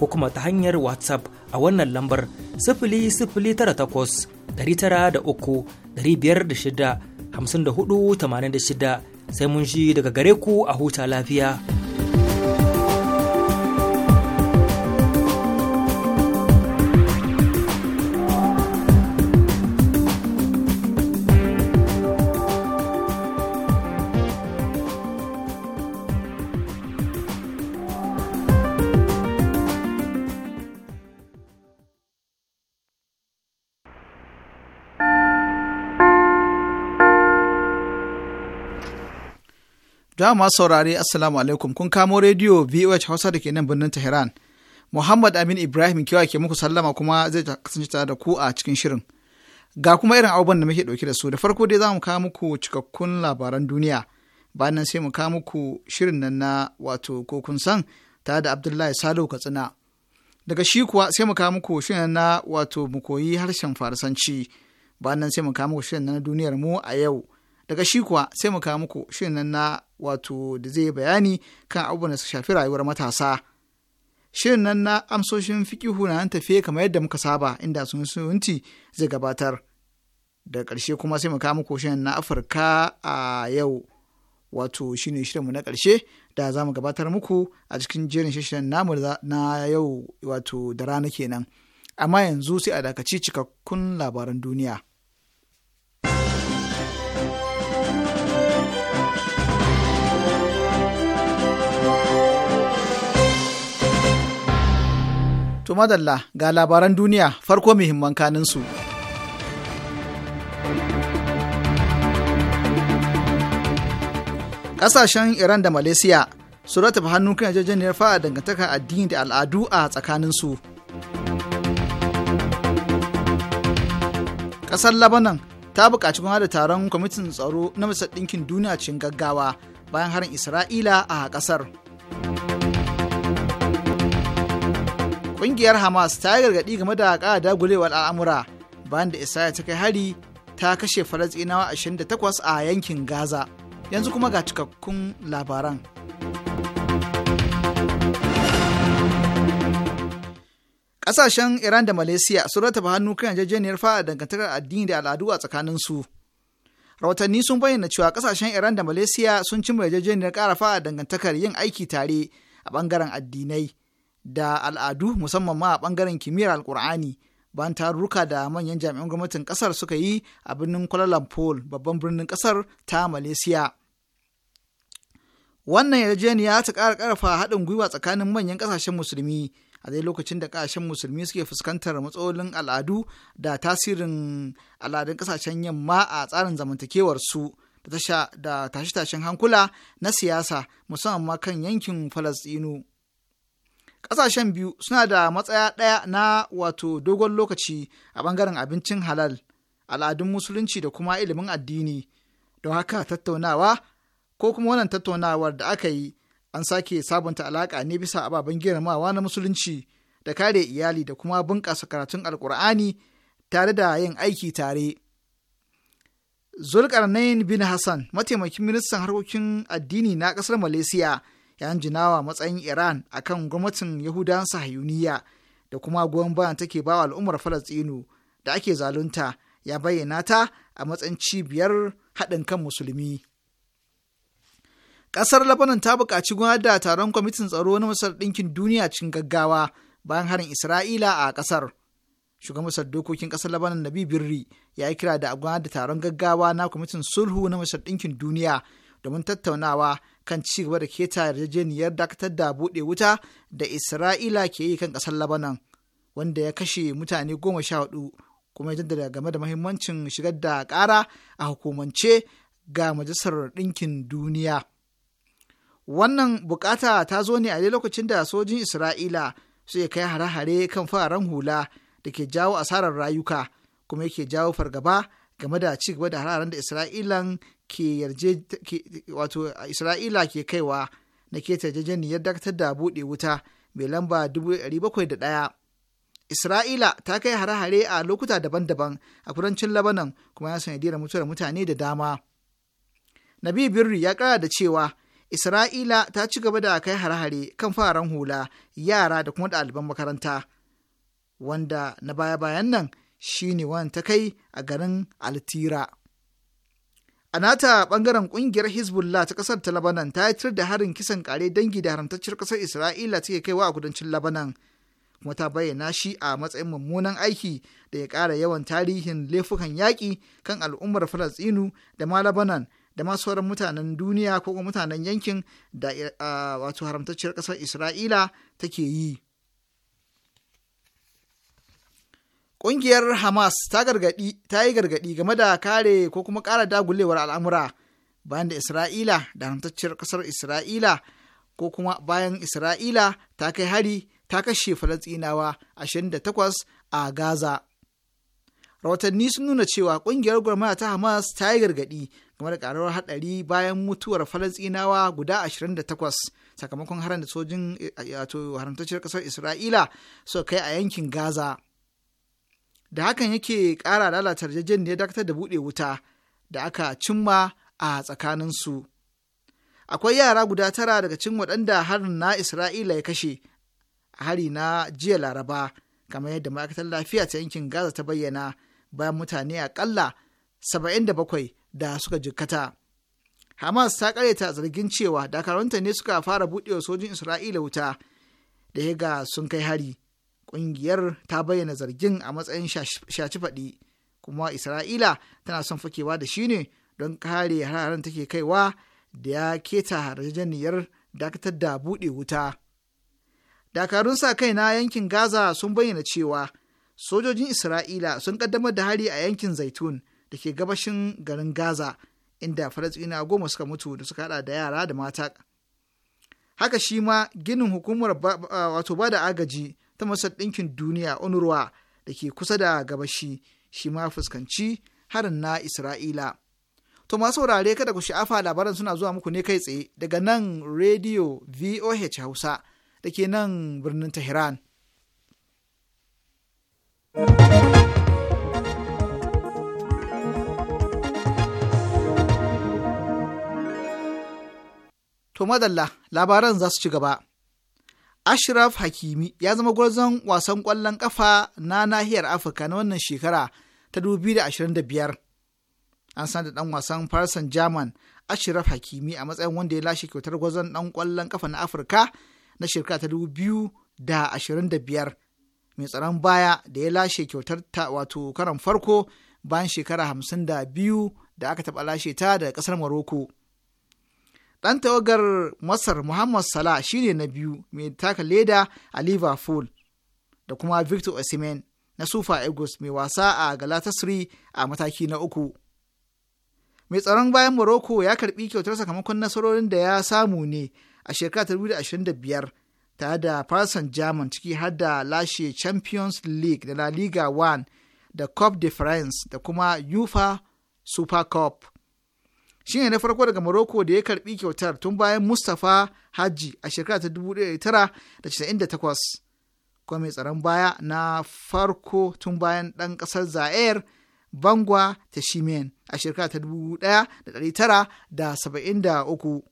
ko kuma ta hanyar WhatsApp a wannan lambar sifili sifili tara takwas ɗari tara da uku biyar da shida hamsin da hudu tamanin da shida sai mun shi daga gare ku a huta lafiya. Da masu saurare Assalamu alaikum kun kamo rediyo VOH Hausa da ke nan birnin Tehran. Muhammad Amin Ibrahim kewa ke muku sallama kuma zai kasance tare da ku a cikin shirin. Ga kuma irin abubuwan da muke ɗauke da su da farko dai za mu kawo muku cikakkun labaran duniya. Bayan nan sai mu kawo muku shirin nan na wato ko kun san tare da Abdullahi Salo Katsina. Daga shi kuwa sai mu kawo muku shirin na wato mu koyi harshen Farisanci. Bayan nan sai mu kawo muku shirin na duniyar mu a yau. daga shi kuwa sai mu kawo muku shirin nan na wato da zai bayani kan abubuwan da su shafi rayuwar matasa shirin nan na amsoshin fikihu na nan tafiye kamar yadda muka saba inda sun sunti zai gabatar da ƙarshe kuma sai mu kawo muku shirin na afirka a yau wato shine shirinmu na karshe da za mu gabatar muku a cikin jerin shirin namu na yau wato da rana kenan amma yanzu sai a dakaci cikakkun labaran duniya. To madalla ga labaran duniya farko muhimman kaninsu. Ƙasashen Iran da Malaysia su rataba hannun kan yarjejeniyar fara dangantakar addini da al'adu a tsakaninsu. Ƙasar Labanan ta buƙaci kuma da taron kwamitin tsaro na Majalisar Ɗinkin Duniya cikin gaggawa bayan harin Isra'ila a ƙasar. Ƙungiyar Hamas ta yi gargaɗi game da ƙara dagulewar al'amura bayan da Isra'il ta kai hari ta kashe Falasɗinawa takwas a yankin Gaza. Yanzu kuma ga cikakkun labaran. Ƙasashen Iran da Malaysia sun rataba hannu kan yarjejeniyar fara dangantakar addini da al'adu a tsakaninsu. Rahotanni sun bayyana cewa ƙasashen Iran da Malaysia sun cimma yarjejeniyar ƙara fara dangantakar yin aiki tare a ɓangaren addinai. da al'adu musamman ma a ɓangaren kimiyyar alkur'ani bayan tarurruka da manyan jami'an gwamnatin ƙasar suka yi a birnin Kuala Lumpur babban birnin ƙasar ta Malaysia. Wannan yarjejeniya ta ƙara ƙarfa haɗin gwiwa tsakanin manyan ƙasashen musulmi a dai lokacin da ƙasashen musulmi suke fuskantar matsalolin al'adu da tasirin al'adun ƙasashen yamma a tsarin zamantakewarsu da tashe-tashen hankula na siyasa musamman ma kan yankin Falasɗinu. Ƙasashen biyu suna da matsaya ɗaya na wato dogon lokaci a bangaren abincin halal, al'adun musulunci da kuma ilimin addini. Don haka tattaunawa ko kuma wannan tattaunawar da aka yi an sake sabunta alaƙa ne bisa ababen girmamawa na musulunci da kare iyali da kuma bunƙasa karatun alkur'ani tare da yin aiki tare. Zulkarnain bin Hassan, mataimakin ministan harkokin addini na ƙasar Malaysia, ya jinawa matsayin Iran a kan gwamnatin Yahudan Sahayuniya da kuma goyon bayan take bawa al'ummar Falastinu da ake zalunta ya bayyana ta a matsayin cibiyar haɗin kan musulmi. Ƙasar Lebanon ta buƙaci gudanar da taron kwamitin tsaro na Masar Ɗinkin Duniya cikin gaggawa bayan harin Isra'ila a ƙasar. Shugaban Masar Dokokin Ƙasar Lebanon Nabi Birri ya yi kira da gudanar da taron gaggawa na kwamitin sulhu na Masar Ɗinkin Duniya domin tattaunawa kan ci gaba da keta yarjejeniyar dakatar da buɗe wuta da Isra'ila ke yi kan ƙasar Labanan, wanda ya kashe mutane goma sha hudu kuma ya jaddada game da mahimmancin shigar da ƙara a hukumance ga Majalisar Ɗinkin Duniya. Wannan bukata ta zo ne a lokacin da sojin Isra'ila suke kai hare-hare kan fararen hula da ke jawo asarar rayuka kuma yake jawo fargaba game da ci gaba da hararen da Isra'ilan ke yarje wato Isra'ila ke kaiwa na keta yarjejeniyar dakatar da buɗe wuta mai lamba 701. Isra'ila ta kai hare-hare a lokuta daban-daban a kudancin labanan, kuma ya sanadiyar mutuwar mutane da dama. Nabi Birri ya kara da cewa Isra'ila ta ci gaba da kai hare-hare kan fararen hula, yara da kuma ɗaliban makaranta, wanda na baya-bayan nan shi ne ta kai a garin altira a nata ɓangaren ƙungiyar hezbollah ta ƙasar ta labanan ta yi da harin kisan kare dangi da haramtacciyar ƙasar isra'ila take kaiwa a kudancin labanan kuma ta bayyana shi a matsayin mummunan aiki da ya ƙara yawan tarihin laifukan yaƙi kan al'ummar falastinu da ma labanan da ma sauran mutanen duniya ko mutanen yankin da eh, wato haramtacciyar ƙasar isra'ila take yi Ƙungiyar Hamas ta gargaɗi yi gargaɗi game da kare ko kuma ƙara dagulewar al'amura bayan da Isra'ila da hantacciyar ƙasar Isra'ila ko kuma bayan Isra'ila ta kai hari ta kashe Falasɗinawa 28 a Gaza. Rahotanni sun nuna cewa ƙungiyar gwamnati ta Hamas ta yi gargaɗi game da ƙaruwar haɗari bayan mutuwar Falasɗinawa guda 28 sakamakon harin da sojin eh, haramtacciyar ƙasar Isra'ila suka kai a yankin Gaza. da hakan yake ƙara lalata ya dakatar da buɗe wuta da aka cimma a tsakaninsu. Akwai yara guda tara daga cin waɗanda harin na Isra'ila ya kashe a hari na jiya Laraba, kamar yadda ma'aikatar lafiya ta yankin Gaza ta bayyana bayan mutane aƙalla saba'in da bakwai da suka jikkata. Hamas ta karyata zargin cewa dakarunta ne suka fara buɗewa sojin Isra'ila wuta da ya ga sun kai hari. ƙungiyar ta bayyana zargin a matsayin shaci faɗi kuma isra'ila tana son fakewa da shi ne don kare hararen take kaiwa da ya keta yarjejeniyar dakatar da buɗe wuta dakarun sa kai na yankin gaza sun bayyana cewa sojojin isra'ila sun ƙaddamar da hari a yankin zaitun da ke gabashin garin gaza inda falasɗina goma suka mutu da suka hada da yara da mata haka shi ma ginin hukumar wato ba da agaji ta masar ɗinkin duniya onurwa da ke kusa da gabashi shi ma fuskanci harin na isra'ila to masu saurare kada ku sha'afa labaran suna zuwa muku ne kai tsaye daga nan rediyo voh hausa da ke nan birnin tehran To madalla labaran za su ci gaba. Ashraf Hakimi ya zama gwarzon wasan ƙwallon ƙafa na nahiyar Afirka na wannan shekara ta 2025. An san da ɗan wasan Farsan German Ashraf Hakimi a matsayin wanda ya lashe kyautar gwazon ɗan ƙwallon ƙafa na Afirka na shekara ta 2025. Mai tsaron baya da ya lashe kyautar ta wato karon farko bayan shekara 52 da aka taɓa lashe ta daga ƙasar Maroko. Ɗan tawagar Masar Muhammad Salah shine na biyu mai taka leda a Liverpool da kuma Victor Osimhen na Sufa Eagles mai wasa a Galatasaray a mataki na uku. Mai tsaron bayan Morocco ya karbi kyautar sakamakon nasarorin da ya samu ne a shekarar 2025 tare da Farsan German ciki har da lashe Champions League da La Liga 1 da Cup de France da kuma UEFA Super Cup. shine na farko daga Morocco da ya karbi kyautar tun bayan Mustapha Hajji a shekara ta 1998. Kuma mai tsaron baya na farko tun bayan ɗan ƙasar za'er Bangwa ta Shimen a shekara ta 1973.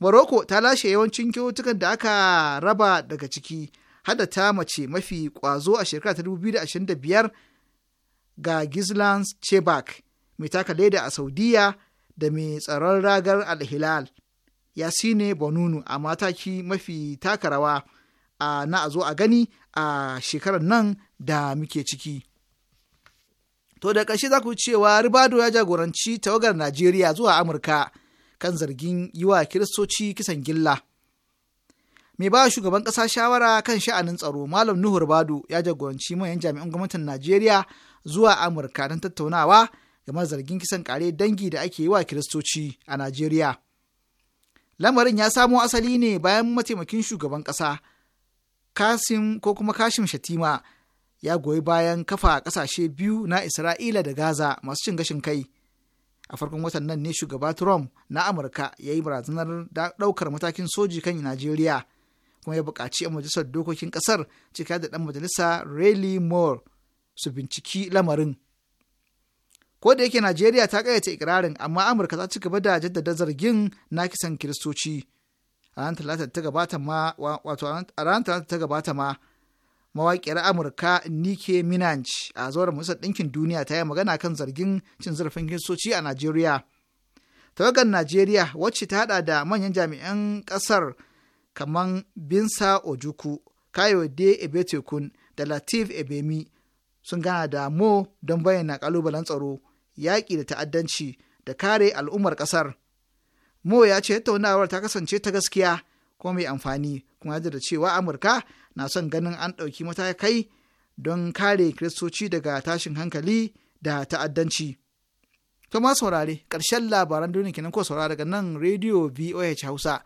Morocco ta lashe yawancin kyautukan da aka raba daga ciki, hada ta mace mafi ƙwazo a shekara ta 2025 ga Gizlan Chebak, mai taka leda a Saudiya da mai tsaron ragar alhilal yasine bonunu a mataki mafi taka rawa a na a zo a gani a shekarar nan da muke ciki to da ƙarshe za ku cewa ribado ya jagoranci tawagar najeriya zuwa amurka kan zargin yi wa kiristoci kisan gilla mai ba shugaban ƙasa shawara kan sha'anin tsaro malam nuhu ribado ya jagoranci manyan jami'an gwamnatin najeriya zuwa amurka don tattaunawa game zargin kisan kare dangi da ake yi wa kiristoci a Najeriya. Lamarin ya samo asali ne bayan mataimakin shugaban ƙasa Kasim ko kuma Kashim Shatima ya goyi bayan kafa ƙasashe biyu na Isra'ila da Gaza masu cin gashin kai. A farkon watan nan ne shugaba Trump na Amurka ya yi barazanar ɗaukar matakin soji kan Najeriya kuma ya buƙaci a majalisar dokokin ƙasar cika da ɗan majalisa Rayleigh Moore su binciki lamarin. ko da yake najeriya ta kayyace ikirarin amma amurka ta ci gaba da jaddada zargin na kisan kiristoci a ranar talata ta gabata ma wato a gabata ma mawaƙiyar amurka nike minaj a zuwar Musa ɗinkin duniya ta yi magana kan zargin cin zarafin kiristoci a najeriya tawagar najeriya wacce ta haɗa da manyan jami'an ƙasar kamar binsa ojuku kayode ebetekun da latif ebemi sun gana da mo don bayyana kalubalen tsaro yaƙi da ta'addanci da kare al'ummar ƙasar. Mo ya ce tattaunawar ta kasance ta gaskiya ko mai amfani kuma ya da cewa Amurka na son ganin an ɗauki matakai don kare kiristoci daga tashin hankali da ta'addanci. To ma saurare ƙarshen labaran duniya kenan ko saurare daga nan rediyo VOH Hausa.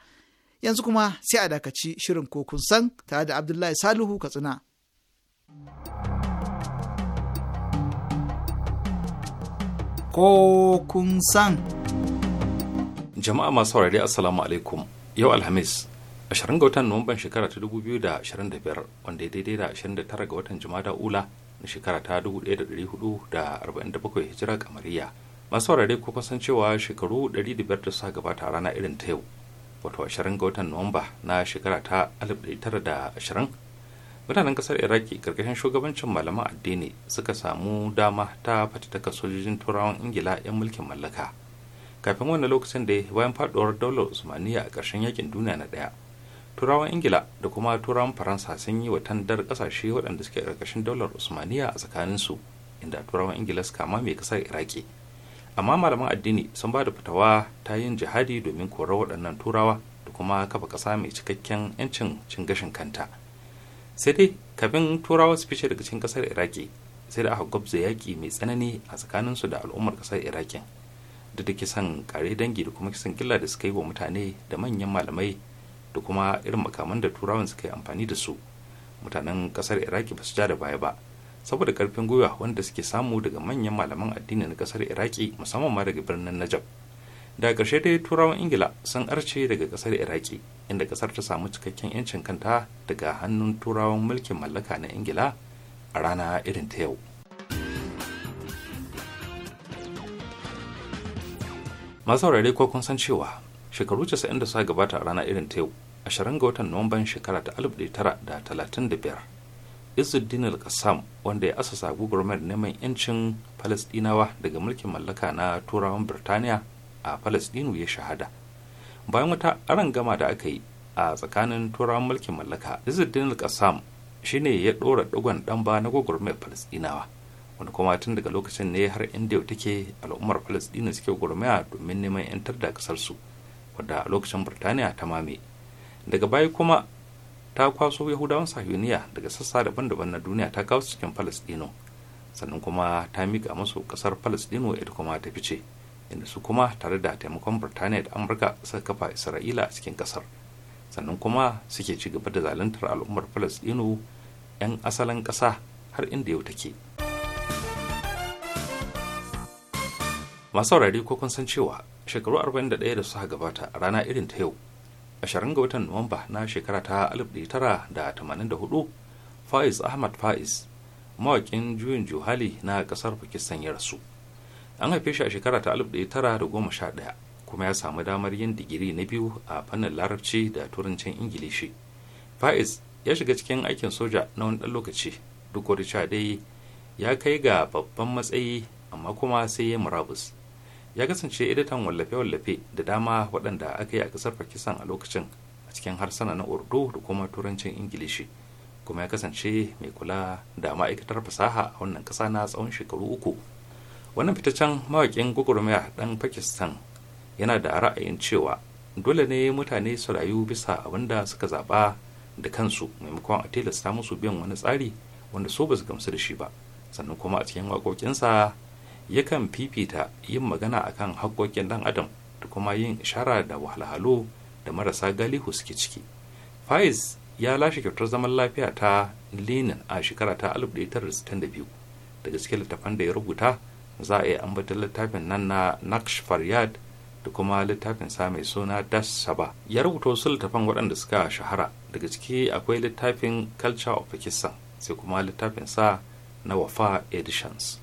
Yanzu kuma sai a dakaci shirin kokun san tare da Abdullahi Salihu Katsina. thank you ko kun san. Jama'a masu saurari Assalamu alaikum yau Alhamis 20 ga watan Nuwamban shekara ta 2025 wanda ya daidai da 29 ga watan Jumada Ula na shekara ta 1447 hijira kamariya. Masu saurari ko kusan cewa shekaru 500 da suka gabata rana irin ta yau wato 20 ga watan Nuwamba na shekara ta 1920 mutanen kasar iraki karkashin shugabancin malaman addini suka samu dama ta fatattaka sojojin turawan ingila 'yan mulkin mallaka kafin wannan lokacin da bayan faduwar daular usmaniya a ƙarshen yakin duniya na ɗaya turawan ingila da kuma turawan faransa sun yi wa tandar kasashe waɗanda suke ƙarƙashin daular usmaniya a tsakaninsu inda turawan ingila suka mame kasar iraki amma malaman addini sun ba da fitawa ta yin jihadi domin korar waɗannan turawa da kuma kafa ƙasa mai cikakken 'yancin cin gashin kanta sai dai kafin turawa su fice daga cikin kasar iraki sai da aka gwabza yaƙi mai tsanani a tsakanin su da al'ummar kasar irakin duk da kisan kare dangi da kuma kisan killa da suka yi wa mutane da manyan malamai da kuma irin makaman da turawan suka yi amfani da su mutanen kasar iraki ba su ja da baya ba saboda karfin gwiwa wanda suke samu daga manyan malaman addini na kasar iraki musamman ma daga birnin najab da ƙarshe dai turawan ingila sun arce daga ƙasar iraki inda ƙasar ta samu cikakken 'yancin kanta daga hannun turawan mulkin mallaka na ingila a rana irin ta yau masu saurare ko kun san cewa shekaru 90 da suka gabata a rana irin ta yau 20 ga watan nuwamban shekara ta da tara talatin 1935 izuddin al-qassam wanda ya asasa gugurmar neman yancin palestinawa daga mulkin mallaka na turawan birtaniya a falasdinu ya shahada bayan wata gama da aka yi a tsakanin turawan mulkin mallaka izzuddin al-qassam shine ya dora dugon dan ba na gwagwarmayar falasdinawa wani kuma tun daga lokacin ne har inda take al'ummar falasdina suke gwagwarmaya domin neman yantar da kasar su wadda a lokacin burtaniya ta mame daga baya kuma ta kwaso yahudawan sahiyoniya daga sassa daban-daban na duniya ta kawo cikin falasdino sannan kuma ta mika masu kasar falasdino ita kuma ta fice inda su kuma tare da taimakon birtaniya da amurka suka kafa isra'ila a cikin kasar sannan kuma suke ci gaba da zaluntar al'ummar falastinu 'yan asalin kasa har inda yau take masu saurari ko kun san cewa shekaru 41 da suka gabata a rana irin ta yau 20 ga watan nuwamba na shekara ta 1984 faiz ahmad faiz mawakin juyin juhali na kasar pakistan ya rasu an haife shi a shekara ta 1911 kuma ya samu damar yin digiri na biyu a fannin larabci da turancin ingilishi faiz ya shiga cikin aikin soja na wani ɗan lokaci duk wani dai ya kai ga babban matsayi amma kuma sai ya murabus ya kasance editan wallafe-wallafe da dama waɗanda aka yi a ƙasar pakistan a lokacin a cikin harsana na urdu da kuma turancin ingilishi kuma ya kasance mai kula da ma'aikatar fasaha a wannan ƙasa na tsawon shekaru uku wannan fitaccen mawaƙin gwagwarmaya ɗan pakistan yana da ra'ayin cewa dole ne mutane su rayu bisa abin da suka zaɓa da kansu maimakon a tilasta musu biyan wani tsari wanda so ba su gamsu da shi ba sannan kuma a cikin waƙoƙinsa yakan fifita yin magana akan haƙoƙin ɗan adam da kuma yin ishara da wahalhalu da marasa galihu suke ciki faiz ya lashe kyautar zaman lafiya ta linin a shekara ta 1962 daga cikin littafan da ya rubuta za a iya ambata littafin nan na naksh faryad da kuma littafin sa mai suna das saba ya rubuta wasu littafan waɗanda suka shahara daga ciki akwai littafin culture of pakistan sai kuma littafin sa na wafa editions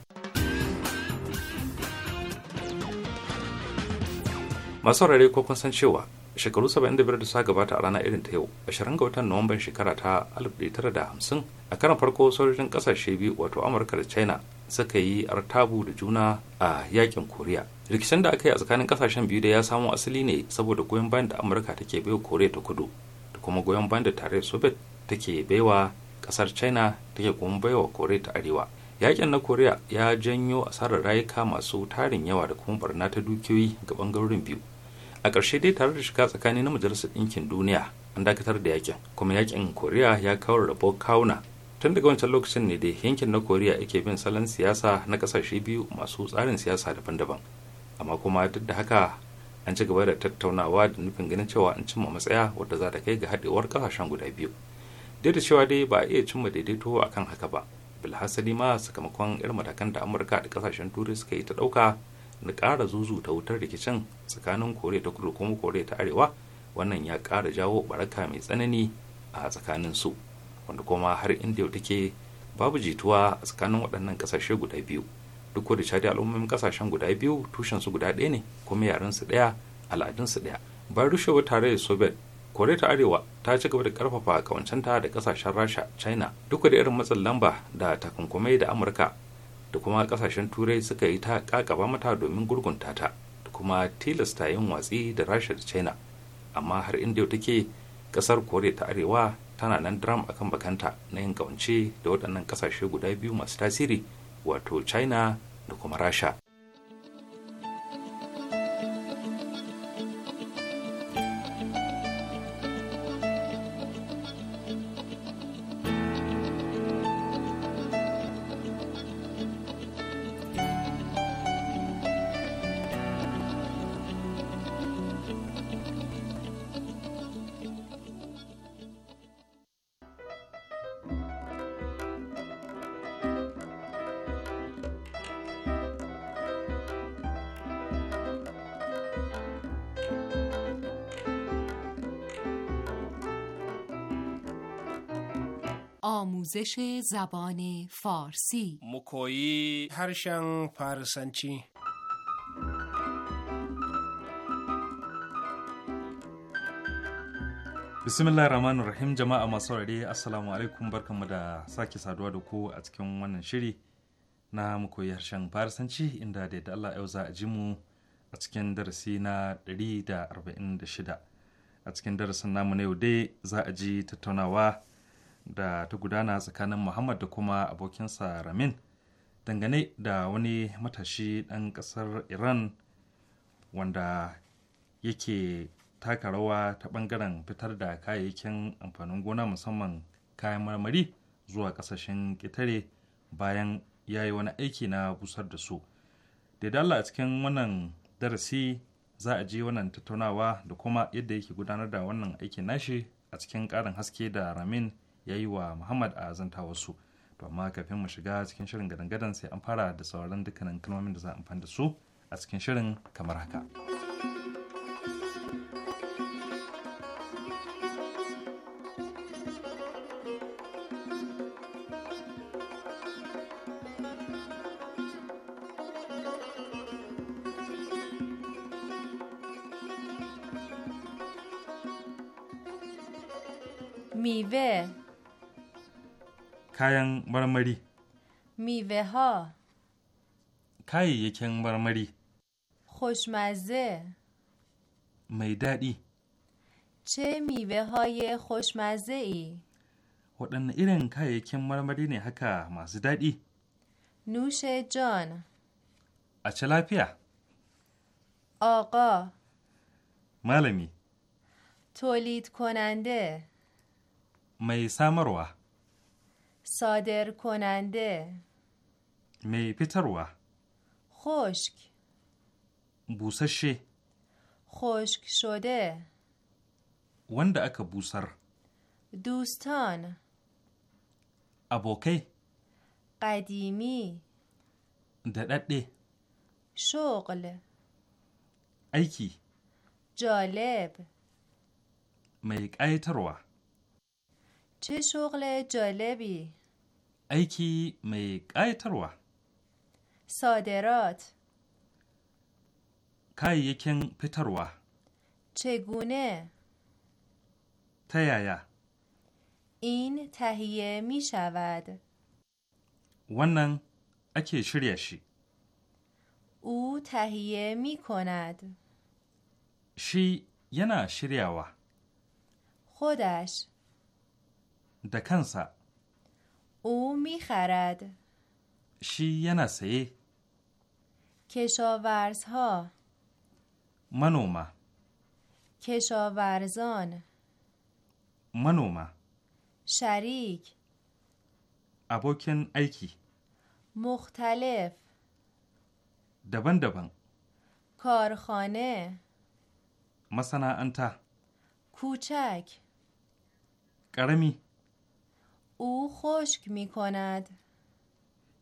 masu rare ko kun san cewa shekaru 75 da sa gabata a rana irin ta yau 20 ga watan nuwamban shekara ta 1950 a karan farko sojojin kasashe biyu wato amurka da china suka yi artabu da juna a yakin koriya rikicin da aka yi a tsakanin kasashen biyu da ya samo asali ne saboda goyon bayan da amurka take baiwa koriya ta kudu da kuma goyon bayan da tarayyar soviet take baiwa kasar china take kuma baiwa koriya ta arewa yakin na koriya ya janyo asarar rayuka masu tarin yawa da kuma barna ta dukiyoyi ga bangarorin biyu a ƙarshe dai tare da shiga tsakani na majalisar ɗinkin duniya an dakatar da yakin kuma yakin koriya ya kawo rabo kawuna tun daga wancan lokacin ne dai yankin na koriya ake bin salon siyasa na kasashe biyu masu tsarin siyasa daban-daban amma kuma duk da haka an ci gaba da tattaunawa da nufin ganin cewa an cimma matsaya wadda za ta kai ga haɗewar kasashen guda biyu duk da cewa dai ba a iya cimma daidaito a kan haka ba bilhassali ma sakamakon irin matakan da amurka da kasashen turai suka yi ta ɗauka na ƙara zuzu ta wutar rikicin tsakanin koriya ta kudu kuma koriya ta arewa wannan ya ƙara jawo baraka mai tsanani a tsakanin su. wanda kuma har inda yau take babu jituwa a tsakanin waɗannan ƙasashe guda biyu duk da cewa al'ummomin ƙasashen guda biyu tushen su guda ɗaya ne kuma yaren su ɗaya al'adun su ɗaya bayan rushewar tarayyar soviet korea ta arewa ta ci gaba da karfafa kawancanta da ƙasashen rasha china duk da irin matsin lamba da takunkumai da amurka da kuma ƙasashen turai suka yi ta kakaba mata domin gurgunta ta da kuma tilasta yin watsi da rasha da china amma har inda yau take ƙasar korea ta arewa tana nan dram akan bakanta na yin kawance da waɗannan ƙasashe guda biyu masu tasiri wato china da kuma rasha آموزش زبان فارسی مکویی هرشن فارسنچی bismillah rahman rahim jama'a masu rare assalamu alaikum da sake saduwa da ku a cikin wannan shiri na mu koyi harshen farisanci inda da yadda allah yau za a ji mu a cikin darasi na ɗari da da arba'in shida. a cikin darasin namu na yau dai za a ji tattaunawa da ta gudana tsakanin muhammad da kuma abokinsa ramin dangane da wani matashi ɗan ƙasar iran wanda yake taka rawa ta ɓangaren fitar da kayayyakin amfanin gona musamman kayan marmari zuwa ƙasashen ƙetare bayan ya yi wani aiki na busar da su daidala a cikin wannan darasi za a ji wannan tattaunawa da kuma yadda yake gudanar da wannan aikin nashi a cikin ƙarin haske da ramin ya yi wa muhammad a wasu to amma kafin mu shiga cikin shirin gadan-gadan sai an fara da sauran dukkanin kalmomin da za a amfani da su a cikin shirin kamar haka. کاین مرمری میوه‌ها کای یکن مرمری خوشمزه میدادی دادی چه میوه‌های خوشمزه‌ای بودن ایران کای یکن مرمری نه حکا ماسو دادی نوش جان acha lafia آقا malami تولید کننده may samarwa صادر کننده می پیتروا خشک بوسشی خشک شده ونده اک بوسر دوستان ابوکی قدیمی ددده شغل ایکی جالب می ایتروا چه شغل جالبی ایکی می قایتروا صادرات کاییکن پتروا چگونه تیایا این تهیه میشود. شود ونن اکی شریشی او تهیه میکند. کند شی ینا شریاوا خودش دکنسا او میخرد شی یه نسی کشاورز ها منوما کشاورزان منوما شریک ابوکن ایکی مختلف دبن دبن کارخانه مثلا انت کوچک قرمی او خشک می کند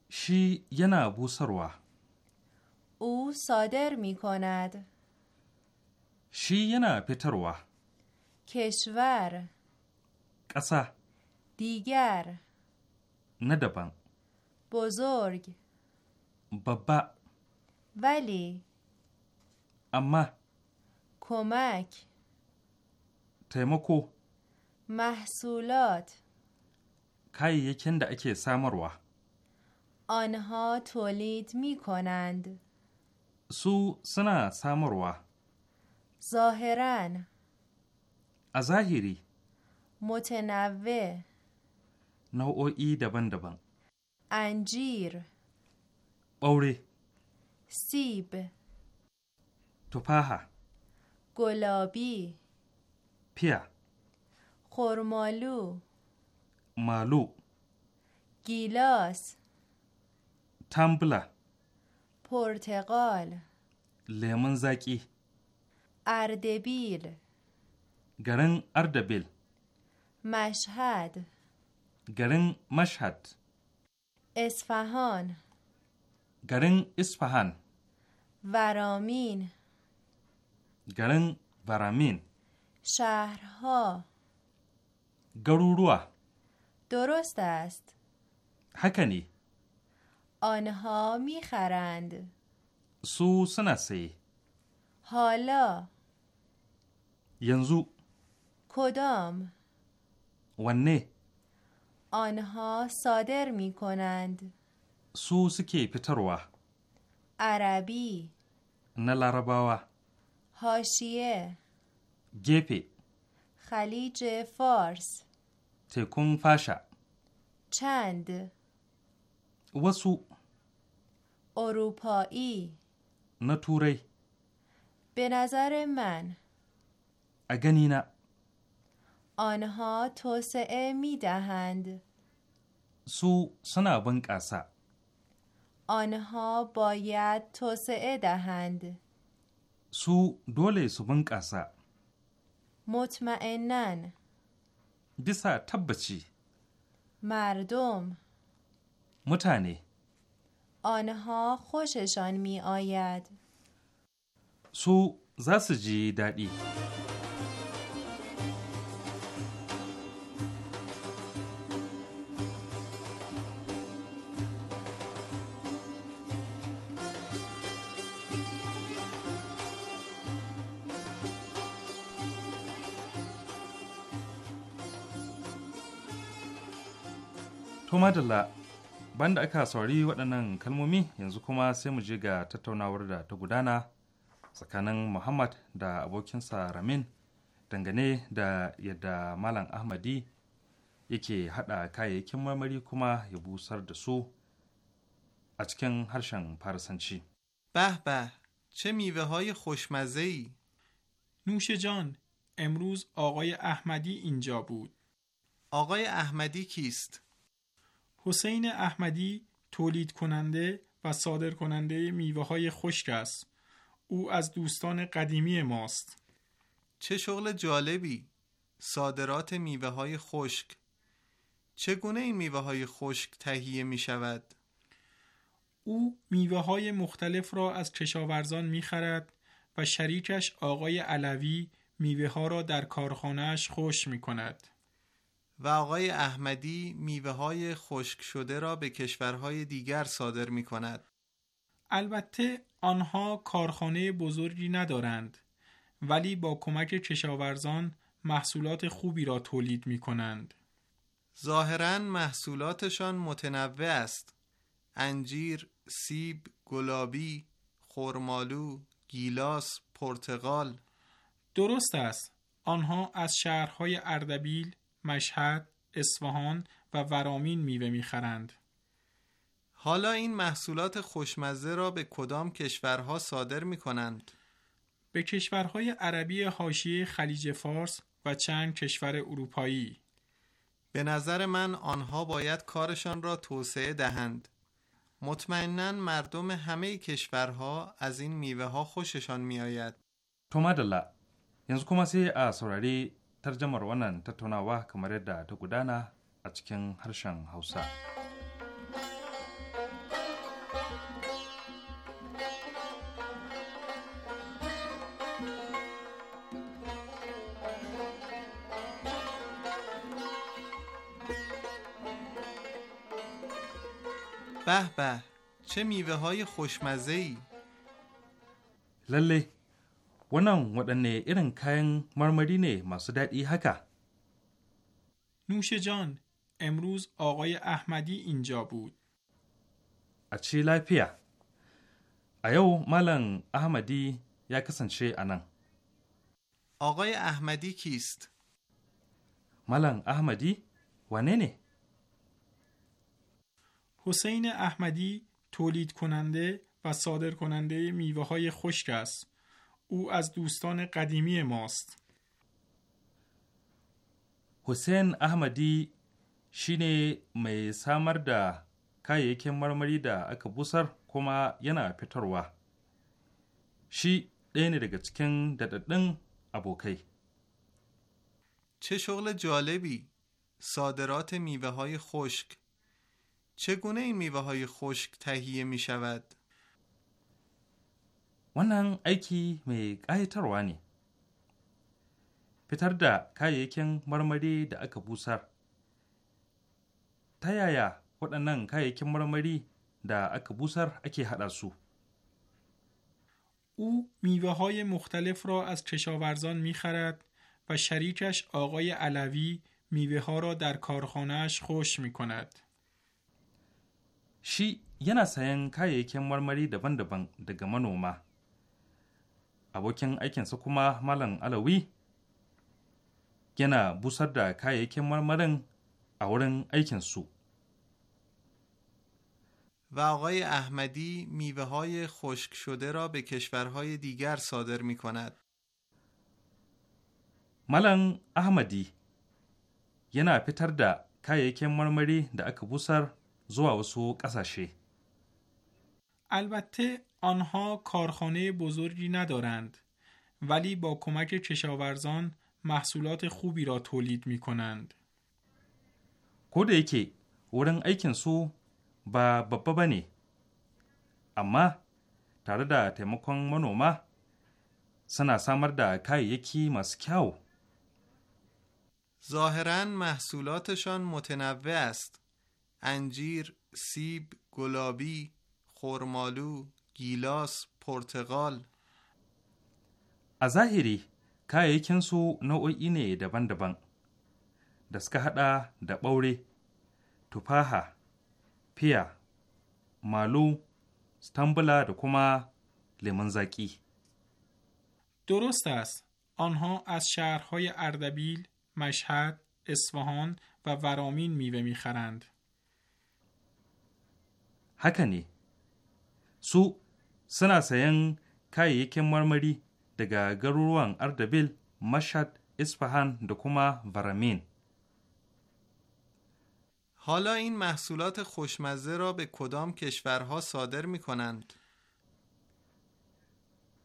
شی ینا بوسروه او صادر می کند شی ینا پتروه کشور کسه دیگر ندبن بزرگ بابا ولی اما کمک تیمکو محصولات کاییکن دا اکی سامروا آنها تولید می کنند سو سنا سامروا ظاهرا ظاهری متنوع نوعی دبن دبن انجیر ɓaure سیب تفاحه گلابی پیا خرمالو مالو گیلاس تمبلا پرتقال لیمون زکی اردبیل گرن اردبیل مشهد گرن مشهد اصفهان گرن اصفهان ورامین گرن ورامین شهرها گروروه درست است هکنی آنها میخرند سو سنسی حالا ینزو کدام ونه آنها صادر می کنند سو سکی پتروه عربی نه عرباوه هاشیه گپی خلیج فارس تکون فاشا چند وسو اروپایی نتوری به نظر من اگنینا آنها توسعه می دهند سو سنا بنکاسا آنها باید توسعه دهند سو دوله سو بنکاسا مطمئنن بیسا تبچی مردم متنی آنها خوششان می آید سو زسجی دادی kuma madalla banda aka saurari waɗannan kalmomi yanzu kuma sai mu je ga tattaunawar da ta gudana tsakanin Muhammad da abokinsa Ramin dangane da yadda Malam Ahmadi yake haɗa kayayyakin marmari kuma ya busar da su a cikin harshen Farisanci. به به چه میوه های خوشمزه ای نوش جان امروز آقای احمدی اینجا بود آقای احمدی کیست؟ حسین احمدی تولید کننده و صادر کننده میوه های خشک است. او از دوستان قدیمی ماست. چه شغل جالبی! صادرات میوه های خشک چگونه این میوه های خشک تهیه می شود؟ او میوه های مختلف را از کشاورزان می خرد و شریکش آقای علوی میوه ها را در کارخانهش خوش می کند. و آقای احمدی میوه های خشک شده را به کشورهای دیگر صادر می کند. البته آنها کارخانه بزرگی ندارند ولی با کمک کشاورزان محصولات خوبی را تولید می کنند. ظاهرا محصولاتشان متنوع است. انجیر، سیب، گلابی، خرمالو، گیلاس، پرتغال درست است. آنها از شهرهای اردبیل، مشهد، اصفهان و ورامین میوه میخرند. حالا این محصولات خوشمزه را به کدام کشورها صادر می کنند؟ به کشورهای عربی حاشیه خلیج فارس و چند کشور اروپایی به نظر من آنها باید کارشان را توسعه دهند مطمئنا مردم همه کشورها از این میوه ها خوششان می آید. تو یعنی کمسی اصراری، tarjamar wannan tattaunawa kamar yadda ta gudana a cikin harshen Hausa. به به چه میوه های خوشمزه ای لله wannan waɗanne irin kayan marmari ne masu daɗi haka? نوشه جان امروز آقای احمدی اینجا بود اچی لایپیا ایو مالن احمدی یا کسنچه انن آقای احمدی کیست؟ مالن احمدی و حسین احمدی تولید کننده و صادر کننده میوه های خشک است او از دوستان قدیمی ماست حسین احمدی شینه می samar da kayayyakin marmari da aka busar kuma yana شی shi ɗaya ne daga چه شغل جالبی صادرات میوه های خشک چگونه این میوه های خشک تهیه می شود؟ wannan aiki mai ƙayatarwa ne fitar da kayayyakin marmari da aka busar ta yaya waɗannan kayayyakin marmari da aka busar ake haɗa su او میوه های مختلف را از کشاورزان خرد و شریکش آقای علوی میوه ها را در کارخانهش خوش می کند. شی یه نسایین که مرمری دبن دبن دگمان اومه. abokin aikinsa kuma malam alawi yana busar da kayayyakin marmarin a wurin aikinsu و آقای احمدی میوه های خشک شده را به کشورهای دیگر صادر می کند. ملن احمدی یه پیتر دا که مرمری دا اکبوسر زوا وسو قساشه البته آنها کارخانه بزرگی ندارند ولی با کمک کشاورزان محصولات خوبی را تولید می کنند. کود که ورن ایکن سو با بابا بانی اما دا da منو ما سنا سامر دا kayayyaki یکی ظاهرا محصولاتشان متنوع است انجیر، سیب، گلابی، خرمالو، گیلاس پرتغال A zahiri, kayayyakinsu nau'o'i ne daban-daban, da suka haɗa da ɓaure, tufaha, fiya, malu, stambula da درست است. آنها از شهرهای اردبیل، مشهد، اصفهان و ورامین میوه میخرند. هکنی سو suna sayan kayayyakin marmari daga garuruwan Ardabil, Mashhad, Isfahan da kuma Baramin. حالا این محصولات خوشمزه را به کدام کشورها صادر می کنند؟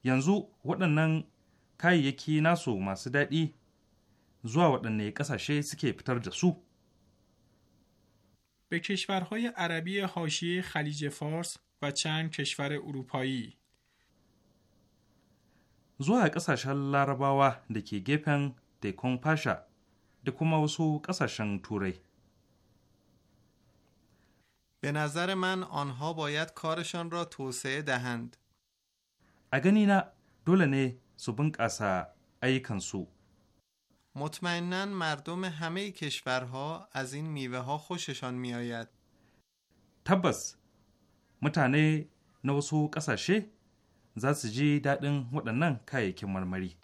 yanzu waɗannan kayayyaki nasu masu daɗi zuwa waɗanne ƙasashe suke fitar da su. به کشورهای عربی حاشیه خلیج فارس و چند کشور اروپایی zuwa ƙasashen لارباوا دکی گپن دکون پاشا دکوما وسو قصاشن توری به نظر من آنها باید کارشان را توسعه دهند. اگنینا دولنه دول قصا ای کنسو مطمئنا مردم همه کشورها از این میوه ها خوششان آید. تبس mutane na wasu ƙasashe za su ji daɗin waɗannan kayayyakin marmari.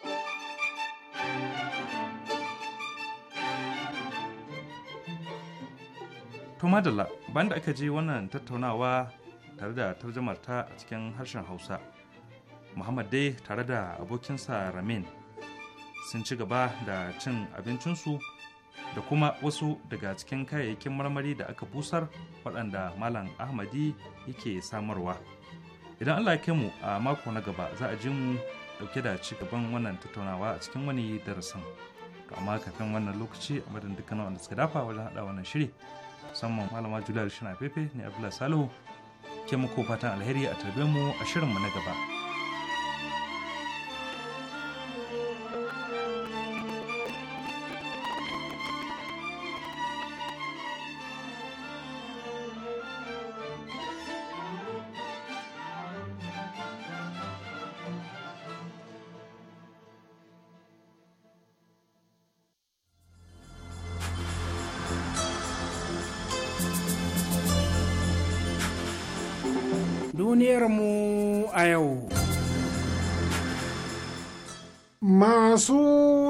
To madalla, da aka je wannan tattaunawa tare da tarjamarta a cikin harshen Hausa, Muhammad dai tare da abokinsa Ramin sun ci gaba da cin abincinsu da kuma wasu daga cikin kayayyakin marmari da aka busar waɗanda malam ahmadi yake samarwa idan allah ya mu a mako na gaba za a ji mu ɗauke da ci gaban wannan tattaunawa a cikin wani darasin to amma kafin wannan lokaci a madadin dukkanin wanda suka dafa wajen haɗa wannan shiri musamman malama juliya shina pepe ne abdullahi salihu ke muku fatan alheri a tarbe mu a shirin mu na gaba.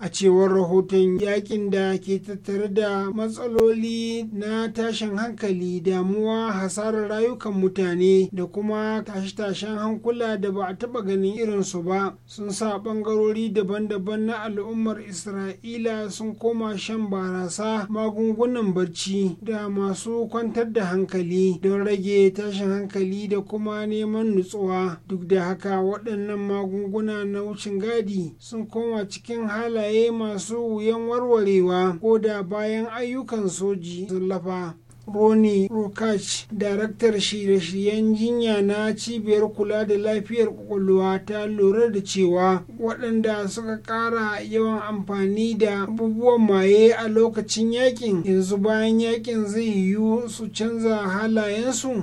a cewar rahoton yakin da ke tattare da matsaloli na tashin hankali damuwa hasarar rayukan mutane da kuma tashe-tashen hankula da ba a taɓa ganin irinsu ba sun sa ɓangarori daban-daban na al'ummar isra'ila sun koma shan barasa magungunan barci da masu kwantar da hankali don rage tashin hankali da kuma neman nutsuwa duk da haka waɗannan magunguna na wucin gadi sun koma cikin halaye halaye masu wuyan warwarewa ko da bayan ayyukan soji sun lafa Roni rukach daraktar shirye-shiryen jinya na cibiyar kula da lafiyar kwakwalwa ta lura da cewa waɗanda suka ƙara yawan amfani da abubuwan maye a lokacin yakin yanzu bayan yakin zai yiwu su canza halayensu.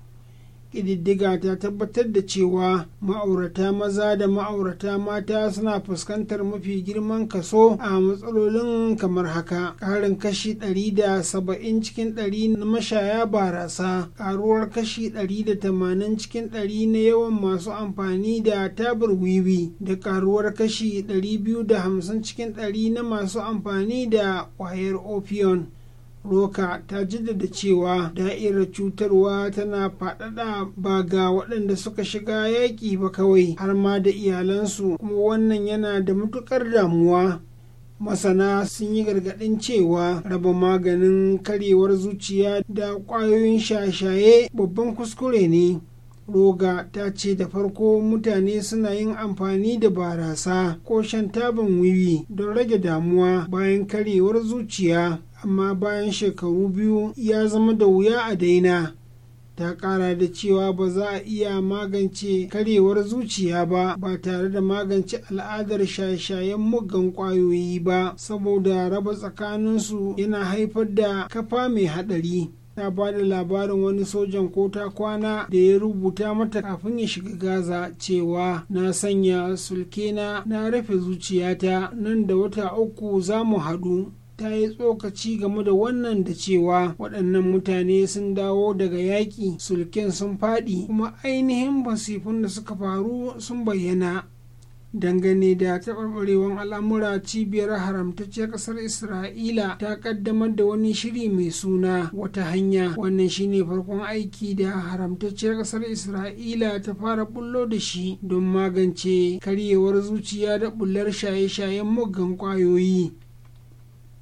ƙididdiga ta tabbatar da cewa ma'aurata maza da ma'aurata mata suna fuskantar mafi girman kaso a matsalolin kamar haka ƙarin kashi ɗari da saba'in cikin ɗari na mashaya barasa ƙaruwar kashi ɗari da tamanin cikin ɗari na yawan masu amfani da tabar wiwi da ƙaruwar kashi ɗari biyu da hamsin cikin ɗari na masu amfani da ƙwayar opion roka ta jaddada cewa da'irar cutarwa tana faɗaɗa ba ga waɗanda suka shiga yaƙi ba kawai har ma da iyalansu kuma wannan yana da matuƙar damuwa masana sun yi gargaɗin cewa raba maganin karyewar zuciya da ƙwayoyin shashaye babban kuskure ne roga ta ce da farko mutane suna yin amfani da barasa ko shan tabin wiwi don rage damuwa bayan karyewar zuciya amma bayan shekaru biyu ya zama da wuya a daina ta kara da cewa ba za a iya magance karewar zuciya ba ba tare da magance al'adar shaye-shayen muggan kwayoyi ba saboda raba tsakaninsu yana haifar da kafa mai haɗari ta ba da labarin wani sojan ko ta kwana da ya rubuta mata kafin ya shiga gaza cewa na sanya sulkena na rufe zuciyata nan da wata uku za mu haɗu ta yi tsokaci game da wannan da cewa waɗannan mutane sun dawo daga yaƙi sulken sun faɗi kuma ainihin basifun da suka faru sun bayyana dangane da taɓarɓarewar al'amura cibiyar haramtacciyar ƙasar isra'ila ta ƙaddamar da wani shiri mai suna wata hanya wannan shine farkon aiki da haramtacciyar ƙasar isra'ila ta fara bullo da shi don magance karyewar zuciya da bullar shaye-shayen muggan ƙwayoyi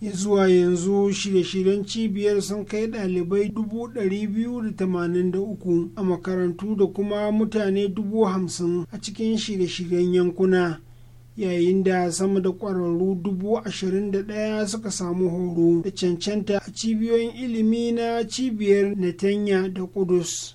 ya zuwa yanzu shirye-shiryen cibiyar sun kai dalibai 283 a makarantu da kuma mutane 50,000 a cikin shirye-shiryen yankuna yayin da sama da ƙwararru dubu suka samu horo da cancanta a cibiyoyin ilimi na cibiyar netanya da kudus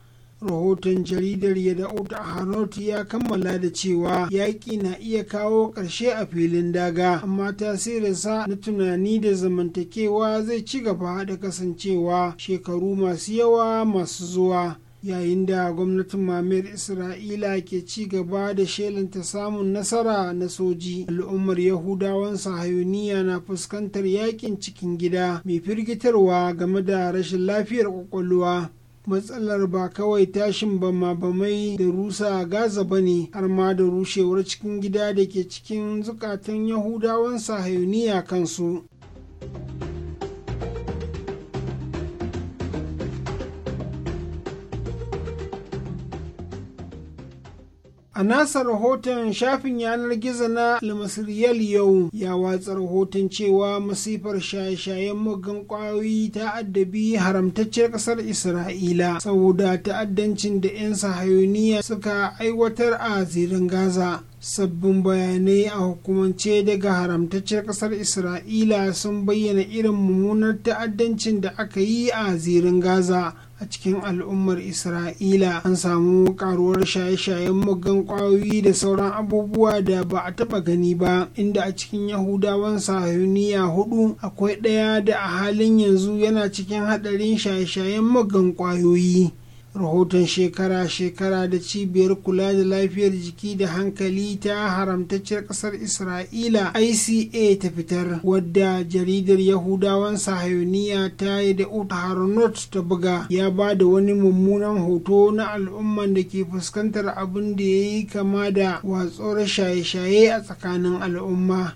rahoton jaridar ya yadda hanot ya kammala da cewa yaƙi na iya kawo ƙarshe a filin daga amma tasirinsa na tunani da zamantakewa zai ci gaba da kasancewa shekaru masu yawa masu zuwa yayin da gwamnatin mamir isra'ila ke ci gaba da shelanta samun nasara na soji al'ummar yahudawan sahayuniya na fuskantar yakin cikin gida mai firgitarwa game da rashin lafiyar kwakwalwa matsalar ba kawai tashin bama-bamai da rusa a gaza ba ne har ma da rushewar cikin gida da ke cikin zukatan yahudawan sahayuniya kansu. a nasa rahoton shafin yanar gizo na almasiriyal yau ya watsa rahoton cewa masifar shaye-shayen muggan kwayoyi ta addabi haramtacciyar ƙasar isra'ila saboda ta'addancin da 'yan sahayoniya suka aiwatar a zirin gaza sabbin bayanai a hukumance daga haramtacciyar ƙasar isra'ila sun bayyana irin mummunar ta'addancin da aka yi a zirin gaza a cikin al'ummar isra'ila an samu karuwar shaye-shayen muggan kwayoyi da sauran abubuwa da ba a taba gani ba inda a cikin yahudawan sahuniya hudu akwai ɗaya da a halin yanzu yana cikin haɗarin shaye-shayen muggan kwayoyi rahoton shekara-shekara da cibiyar kula da lafiyar jiki da hankali ta haramtacciyar ƙasar isra'ila ica ta fitar wadda jaridar yahudawan sahayoniya ta yi da utaharnot ta buga ya ba da wani mummunan hoto na al'umman da ke fuskantar abin da ya yi kama da watsuwar shaye-shaye a tsakanin al'umma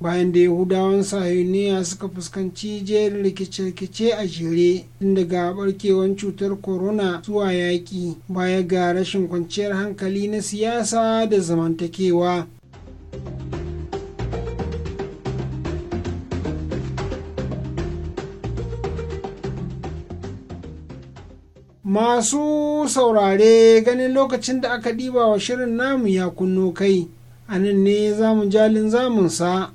bayan da yahudawan sayuniya suka fuskanci jerin rikice-rikice a jere inda daga barkewan cutar corona zuwa yaƙi baya ga rashin kwanciyar hankali na siyasa da zamantakewa masu saurare ganin lokacin da aka ɗiba wa shirin namu ya kunno kai a nan ne zamu jalin zamunsa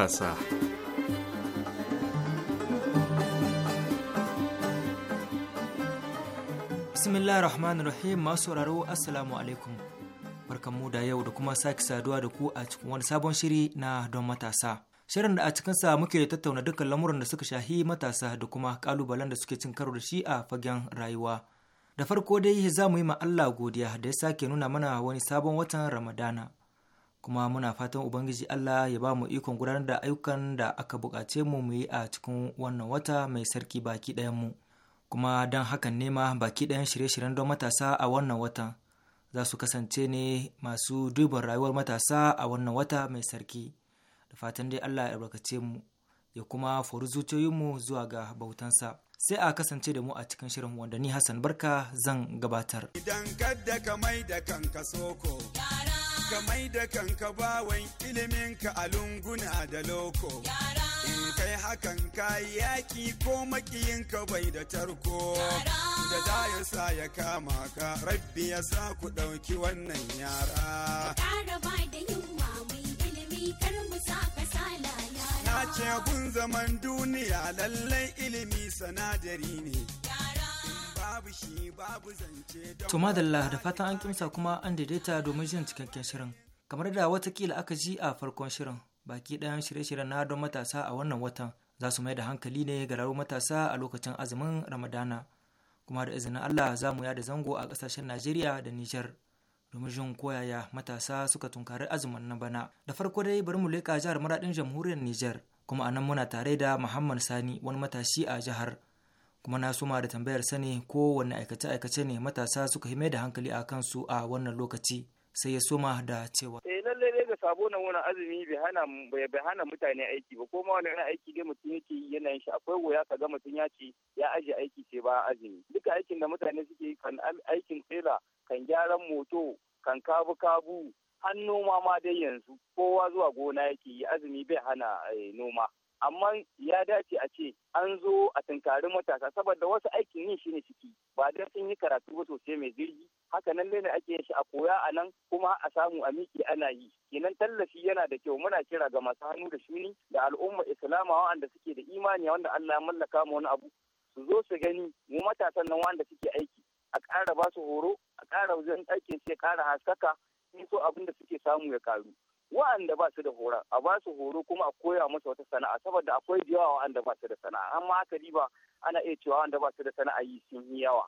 matasa. Bismillah rahman rahim masu sauraro Assalamu alaikum. Barkanmu da yau da kuma sake saduwa da ku a cikin wani sabon shiri na don matasa. Shirin da a cikinsa muke tattauna dukkan lamuran da suka shahi matasa da kuma kalubalen da suke cin karo da shi a fagen rayuwa. Da farko dai za mu yi ma Allah godiya da ya sake nuna mana wani sabon watan Ramadana kuma muna fatan ubangiji allah ya ba mu ikon gudanar da ayyukan da aka bukace mu mu yi a cikin wannan wata mai sarki baki ɗayan mu kuma don hakan nema baki ɗayan shirye-shiryen don matasa a wannan wata za su kasance ne masu duban rayuwar matasa a wannan wata mai sarki da fatan dai allah ya albarkace mu ya kuma fori zuciyoyinmu zuwa ga bautansa sai a kasance da mu a cikin shirin wanda ni hassan barka zan gabatar idan kadda ka mai da kanka soko ka mai da kanka bawan iliminka a lunguna da loko in kai hakan ka yaki ko makiyinka bai da tarko da za ya sa ya kama ka rabbi ya sa ku ɗauki wannan yara Na ce kun zaman duniya lallai ilimi sanadari ne babu to madalla da fatan an kimsa kuma an daidaita domin jin cikakken shirin kamar da watakila aka ji a farkon shirin baki ɗayan shirye-shiryen na don matasa a wannan watan za su mai da hankali ne ga raro matasa a lokacin azumin ramadana kuma da izinin allah za mu yada zango a ƙasashen najeriya da nijar domin jin koyaya matasa suka tunkari azumin na bana da farko dai bari mu leƙa jihar maraɗin jamhuriyar nijar kuma a nan muna tare da muhammad sani wani matashi a jihar kuma na suma da tambayar sani ko wanne aikace-aikace ne matasa suka hime da hankali a kansu a wannan lokaci sai ya suma da cewa. Eh lallai dai ga sabo na wani azumi bai hana hana mutane aiki ba ko ma wani aiki dai mutum yake yi yanayin shi akwai wuya ka ga mutum ya ce ya ajiye aiki ce ba azumi duka aikin da mutane suke kan aikin tsira kan gyaran moto kan kabu-kabu har noma ma dai yanzu kowa zuwa gona yake yi azumi bai hana eh, noma amma ya dace a ce an zo a tunkari matasa saboda wasu aikin yin shine ciki ba dan sun yi karatu ba sosai mai zirgi haka nan ne ake yin shi a koya a nan kuma a samu a miƙe ana yi kenan tallafi yana da kyau muna kira ga masu hannu da shuni da al'umma islama wanda suke da imani wanda Allah ya mallaka mu wani abu su zo su gani mu matasan nan wanda suke aiki a ƙara ba su horo a ƙara wajen aikin sai ƙara haskaka in so abin da suke samu ya karu wa'anda ba su da horon a ba su horo kuma a koya musu wata sana'a saboda akwai da yawa wa'anda ba su da sana'a amma aka riba ana iya cewa wa'anda ba su da sana'a yi sun yi yawa.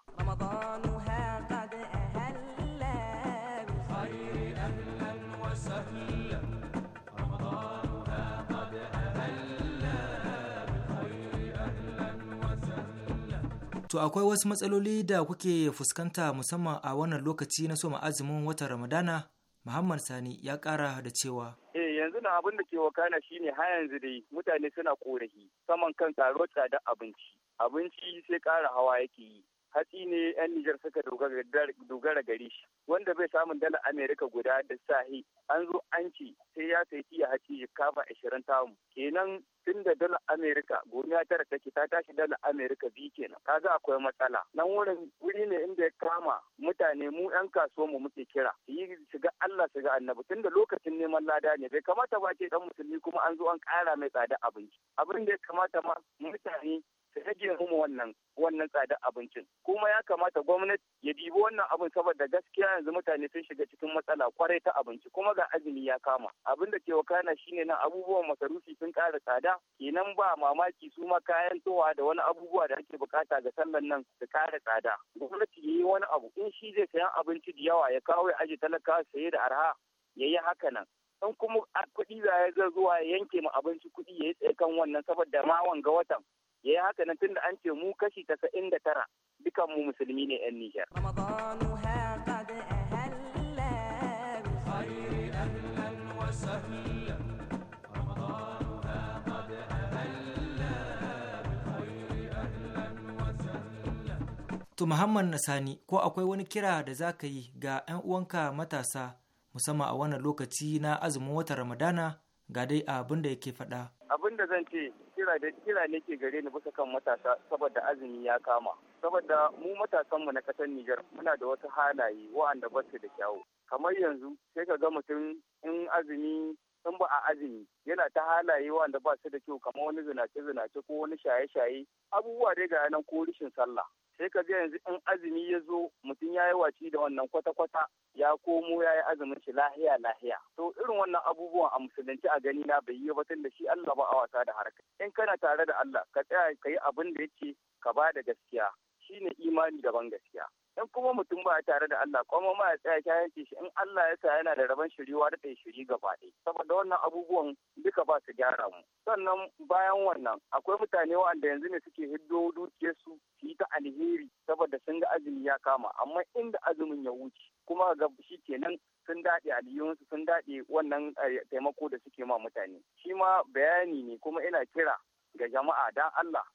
To akwai wasu matsaloli da kuke fuskanta musamman a wannan lokaci na soma azumin watan Ramadana Muhammad Sani ya ƙara da cewa. Eh yanzu na abin da ke wakana shine har yanzu dai mutane suna korafi saman kan taro tsadar abinci. Abinci sai ƙara hawa yake yi. hatsi ne 'yan Nijar suka dogara gari shi wanda bai samun dala Amerika guda da sahi an zo an ci sai ya sai tiya hatsi kafa ashirin tamu kenan tun da dala Amerika gomiya tara take ta tashi dala Amerika biyu kenan kaga akwai matsala nan wurin wuri ne inda ya kama mutane mu 'yan kasuwa mu muke kira yi shiga Allah shiga annabi tun da lokacin neman lada ne bai kamata ba ce dan musulmi kuma an zo an kara mai tsada abinci abin da ya kamata ma mutane ta rage mu wannan wannan tsadar abincin kuma ya kamata gwamnati ya dibi wannan abin saboda gaskiya yanzu mutane sun shiga cikin matsala kwarai ta abinci kuma ga azumi ya kama abin da ke wakana shine nan abubuwan masarufi sun ƙara tsada kenan ba mamaki su ma kayan towa da wani abubuwa da ake bukata ga sallan nan su ƙara tsada gwamnati ya yi wani abu in shi zai sayan abinci da yawa ya kawo ya aje talaka saye da arha ya yi haka nan in kuma kuɗi za ya zuwa yanke ma abinci kuɗi ya yi tsaye kan wannan saboda ma wanga watan ya yi haka nan tunda an ce mu kashi tasa'in da tara dukan mu musulmi ne 'yan Nijar. To Muhammad Sani ko akwai wani kira da za ka yi ga 'yan uwanka matasa musamman a wannan lokaci na azumin watan Ramadana ga dai abin da yake faɗa. abin da zan ce kira da kira ne ke gare ni bisa kan matasa saboda azumi ya kama saboda mu matasanmu na ƙasar Niger muna da wasu halaye wa'anda ba su da kyau kamar yanzu sai ka ga mutum in azumi in ba a azumi yana ta halaye wanda ba su da kyau kamar wani zinace zinace ko wani shaye shaye abubuwa dai ga nan ko rishin sallah sai ka ga yanzu in azumi ya zo mutum ya yi waci da wannan kwata-kwata ya komo ya yi azumin shi lahiya lahiya to irin wannan abubuwan a musulunci a gani na bai yi batun da shi Allah ba a wasa da harka in kana tare da Allah ka tsaya ka yi abin da yake ka ba da gaskiya Shi ne imani daban gaskiya in kuma mutum ba tare da Allah kuma ma ya tsaya kayan shi in Allah ya sa yana da rabon shiriwa da tai shiri gaba ɗaya saboda wannan abubuwan duka ba su gyara mu sannan bayan wannan akwai mutane wanda yanzu ne suke hiddo dukiyar su su yi ta alheri saboda sun ga azumi ya kama amma inda azumin ya wuce kuma ga shi kenan sun daɗe aliyunsu sun daɗe wannan eh, taimako da suke ma mutane shi ma bayani ne kuma ina kira ga jama'a dan Allah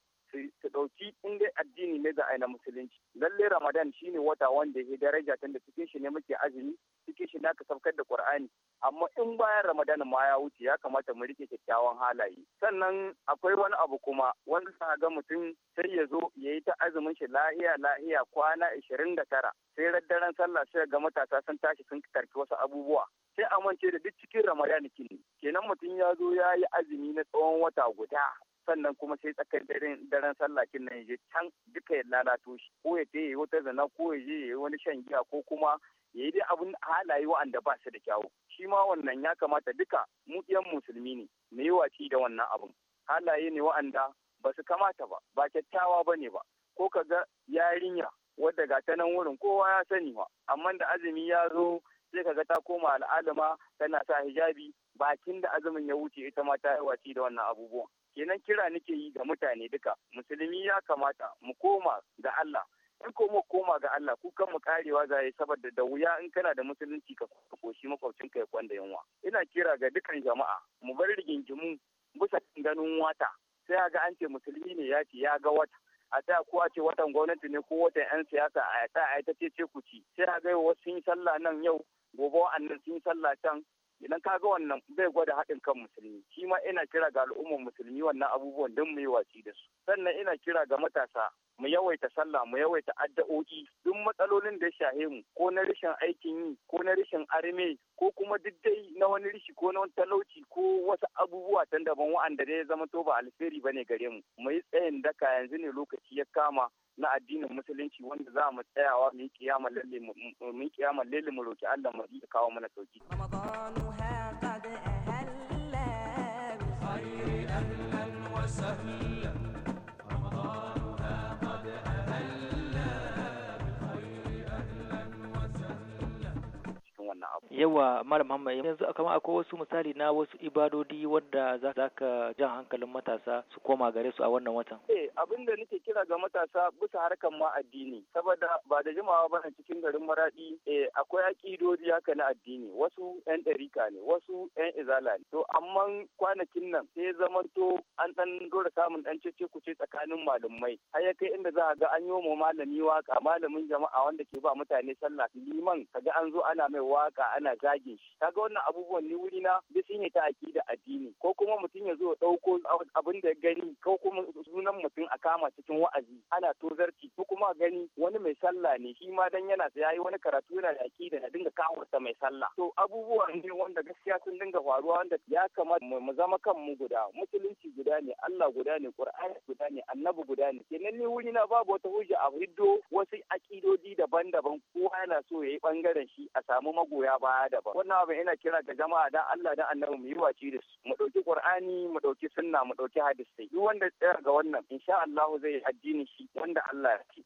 su ɗauki in dai addini ne za a yi na musulunci lalle ramadan shine wata wanda ya daraja tun da cikin shi ne muke azumi cikin shi na aka da qur'ani amma in bayan ramadan ma ya wuce ya kamata mu rike kyakkyawan halaye sannan akwai wani abu kuma wanda sa ga mutum sai ya zo ya yi ta azumin shi lahiya lahiya kwana ashirin da tara sai daren sallah sai ga matasa sun tashi sun karki wasu abubuwa sai a amince da duk cikin ramadan ne kenan mutum ya zo ya yi azumi na tsawon wata guda sannan kuma sai tsakar daren daren sallah kin nan je can duka ya lalato shi ko ya je wata zana ko ya je wani shan giya ko kuma ya yi dai abin halaye wa'anda ba su da kyawu shi ma wannan ya kamata duka mu ɗiyan musulmi ne mu yi waci da wannan abin halaye ne wa'anda ba su kamata ba ba kyakkyawa ba ne ba ko ka ga yarinya wadda ga ta nan wurin kowa ya sani wa amma da azumi ya zo sai ka ga ta koma al'alama tana sa hijabi bakin da azumin ya wuce ita ma ta yi waci da wannan abubuwan kenan kira nake yi ga mutane duka musulmi ya kamata mu koma ga Allah in ko mu koma ga Allah ku kan mu karewa zai saboda da wuya in kana da musulunci ka koshi makwabcin ka ya kwanda yunwa ina kira ga dukan jama'a mu bar rigingimu bisa ganin wata sai ga an ce musulmi ne ya ce ya ga wata a ta kuwa ce watan gwamnati ne ko watan 'yan siyasa a ta a ta ce ce ku ci sai a ga wasu sun sallah nan yau gobe wa'annan sun sallah can idan ka ga wannan bai gwada haɗin kan musulmi shi ma ina kira ga al'ummar musulmi wannan abubuwan don mu yi watsi da su sannan ina kira ga matasa mu yawaita sallah mu yawaita addu'o'i duk matsalolin da ya shahe mu ko na rashin aikin yi ko na rashin arme ko kuma duk dai na wani rishi ko na wani talauci ko wasu abubuwa tan daban wa'anda ne ya zama to ba alheri ne gare mu mu yi tsayin daka yanzu ne lokaci ya kama na addinin musulunci wanda za mu tsayawa mu yi kiyama lalle mu yi kiyama lalle mu roki Allah mu yi kawo mana sauki ramadanu ha khairan wa sahlan wannan abu yawa malam Muhammad yanzu kamar akwai wasu misali na wasu ibadodi wadda za ka jan hankalin matasa su koma gare su a wannan watan eh abin da nake kira ga matasa bisa harkan ma addini saboda ba da jimawa ba cikin garin maradi eh akwai akidodi haka na addini wasu yan ɗarika ne wasu yan izala ne to amma kwanakin nan sai zamanto an dan dora samun dan cece kuce tsakanin malamai har ya kai inda za a ga an yi wa malami waka malamin jama'a wanda ke ba mutane sallah liman kaga an zo ana mai wa. waka ana zagin shi kaga wannan abubuwan ni wuri na duk shine ta da addini ko kuma mutum ya zo ya dauko abin da ya gani ko kuma sunan mutum a kama cikin wa'azi ana tozarci ko kuma gani wani mai sallah ne shi ma dan yana ya yi wani karatu yana da akida na dinga kawurta mai sallah to abubuwan ne wanda gaskiya sun dinga faruwa wanda ya kamata mu zama kanmu guda musulunci guda ne Allah guda ne Qur'ani guda ne annabi guda ne kenan ni wuri na babu wata hujja a hiddo wasu akidodi daban-daban kowa yana so ya yi bangaren shi a samu mago ya baya daban wannan abin ina kira ga jama'a dan Allah dan annabi mu yi waci da su mu dauki qur'ani mu dauki sunna mu dauki hadisi duk wanda tsaya ga wannan insha Allah zai addini shi wanda Allah ya ce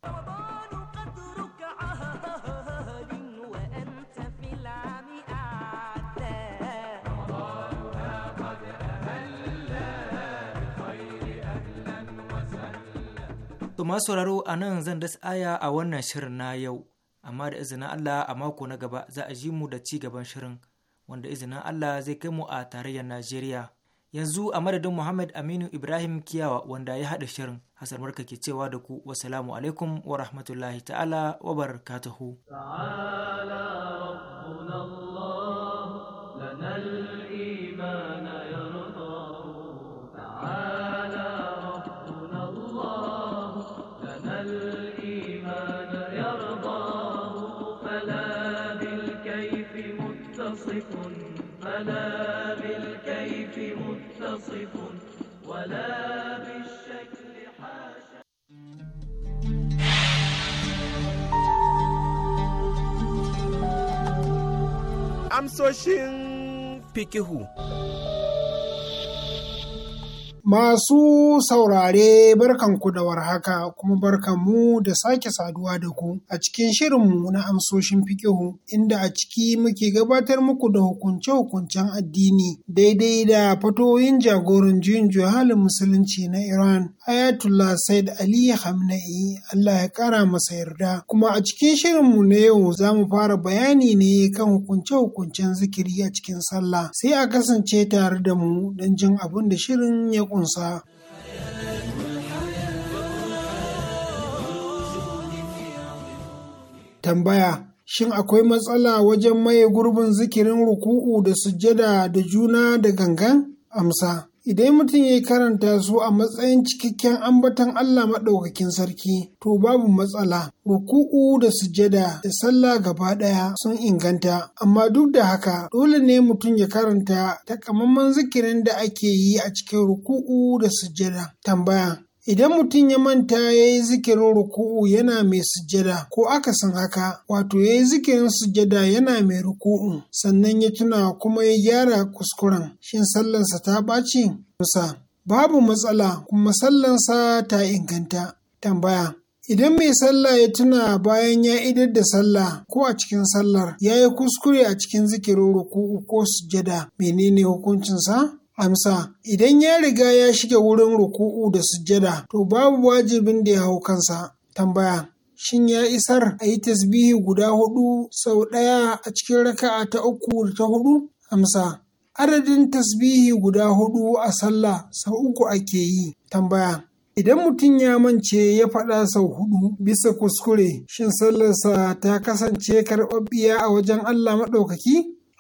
To sauraro a nan zan dasa aya a wannan shirin na yau amma da izinin Allah a mako na gaba za a ji mu da ci gaban shirin wanda izinin Allah zai kai mu a tarayyar Najeriya. Yanzu a madadin Muhammad Aminu Ibrahim Kiyawa wanda ya haɗa shirin Hassan marka ke cewa da ku wasalamu alaikum wa rahmatullahi ta'ala wa barakatuhu. amsoshin fikihu. Masu saurare barkanku da warhaka kuma barkanmu da sake saduwa da ku a cikin shirinmu na amsoshin fikihu inda a ciki muke gabatar muku da hukunce-hukuncen addini daidai da fatoyin jagoran juyin juhalin musulunci na Iran Ayatullah Said Ali Hamna'i Allah ya kara masa yarda kuma a cikin shirinmu na yau za mu fara bayani ne kan hukunce-hukuncen zikiri a cikin sallah sai a kasance tare da mu don jin abin da shirin ya Tambaya Shin akwai matsala wajen maye gurbin zikirin ruku'u da sujada da juna da gangan? Amsa Idan mutum ya karanta su a matsayin cikakken ambaton Allah maɗaukakin sarki, to babu matsala, ruku'u da sujada da sallah gaba ɗaya sun inganta, amma duk da haka dole ne mutum ya karanta takamaiman zikirin da ake yi a cikin ruku'u da sujada. Tambaya. Idan mutum ya manta ya yi zikirin ruku'u yana mai sujada ko aka san haka, wato ya yi zikirin sujada yana mai ruku'u, sannan ya tuna kuma ya gyara kuskuren, shin sallansa ta ɓaci? Musa, babu matsala kuma sallansa ta inganta. Tambaya, Idan mai sallah ya tuna bayan ya idar da sallah ko a cikin sallar ya yi kuskure a cikin zikirin ruku'u ko sujada? menene hukuncinsa? Amsa, idan ya riga ya shiga wurin ruku'u da sujjada, to babu wajibin da ya hau kansa. Tambaya, shin ya isar a yi tasbihi guda hudu sau ɗaya a cikin raka'a ta uku da ta hudu? Amsa, adadin tasbihi guda hudu a sallah sau uku ake yi. Tambaya, idan mutum ya mance ya faɗa sau hudu bisa kuskure, shin sallarsa ta kasance karɓaɓɓiya a wajen Allah maɗaukaki?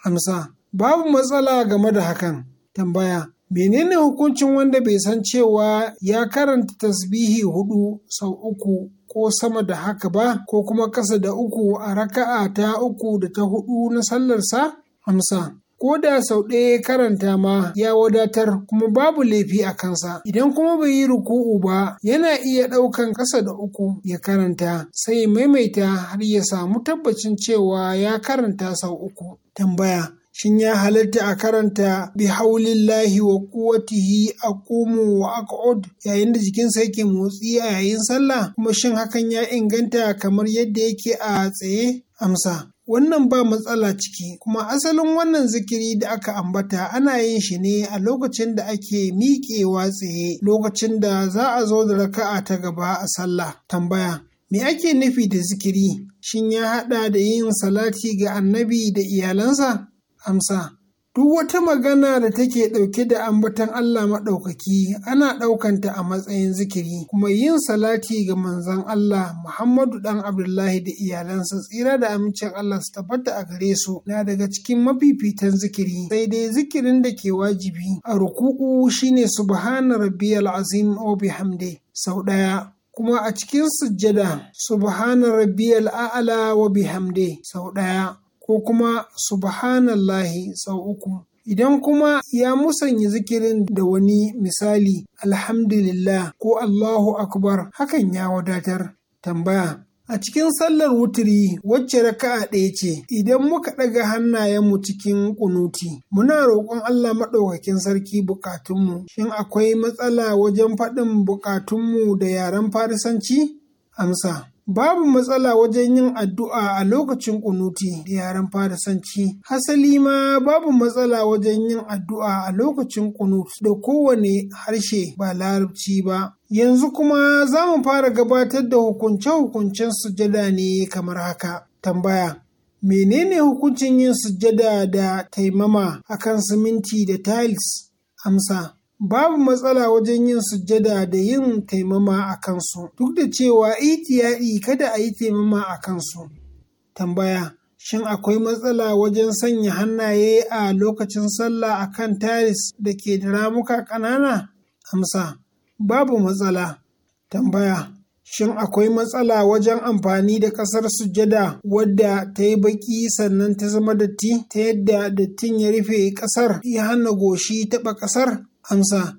Amsa, babu matsala game da hakan. Tambaya Menene hukuncin wanda bai san cewa ya karanta tasbihi hudu sau uku ko sama da haka ba ko kuma kasa da uku a raka'a ta uku da ta hudu na sallarsa? Hamsa. Ko da sau ɗaya karanta ma ya wadatar kuma babu laifi a kansa. Idan kuma bai yi ruku'u ba yana iya ɗaukan ƙasa da uku ya karanta sai maimaita har ya samu tabbacin cewa ya karanta sau uku. Tambaya. shin ya halatta a karanta bi haulillahi wa a kumu wa aq'ud yayin da jikinsa yake motsi a yayin sallah kuma shin hakan ya inganta kamar yadda yake a tsaye amsa wannan ba matsala ciki kuma asalin wannan zikiri da aka ambata ana yin shi ne a lokacin da ake miƙewa tsaye lokacin da za a zo da raka'a ta gaba a sallah tambaya me ake nufi da zikiri shin ya haɗa da yin salati ga annabi da iyalansa Amsa Duk wata magana da take ɗauke da ambaton Allah maɗaukaki ana ɗaukanta a matsayin zikiri, kuma yin salati ga manzon Allah Muhammadu ɗan Abdullahi da iyalansa tsira da amincin Allah su tabbata a gare su na daga cikin mafifitan zikiri, sai dai zikirin da ke wajibi a ruku'u shine subhana rabbiyal azim Obi Hamde, sau ɗaya. Kuma a cikin sujjada, subhana rabbiyal a'ala wa bihamdi sau ɗaya. ko kuma subhanallahi sau uku. Idan kuma ya musanya zikirin da wani misali alhamdulillah ko Allahu akbar hakan ya wadatar. Tambaya A cikin sallar wuturi wacce raka'a ɗaya ce, idan muka ɗaga hannayenmu cikin kunuti, muna roƙon Allah maɗaukakin sarki buƙatunmu, shin akwai matsala wajen faɗin buƙatunmu da yaren Farisanci? Amsa. Babu matsala wajen yin addu'a a lokacin Kunuti da yaren sanci, Hasali ma babu matsala wajen yin addu'a a lokacin ƙunut da kowane harshe ba larabci ba. Yanzu kuma za mu fara gabatar da hukunce-hukuncen sujada ne kamar haka. Tambaya. Menene hukuncin yin sujada da taimama akan siminti da tiles? Amsa. babu matsala wajen yin sujjada da yin taimama a kansu, duk da cewa itiyaɗi kada a yi taimama a kansu. Tambaya Shin akwai matsala wajen sanya hannaye a lokacin sallah a kan taris da ke da ramuka ƙanana? Amsa Babu matsala. Tambaya Shin akwai matsala wajen amfani da ƙasar sujjada wadda ta yi baƙi sannan ta zama datti ta yadda dattin ya rufe ƙasar ya hana goshi taɓa ƙasar? amsa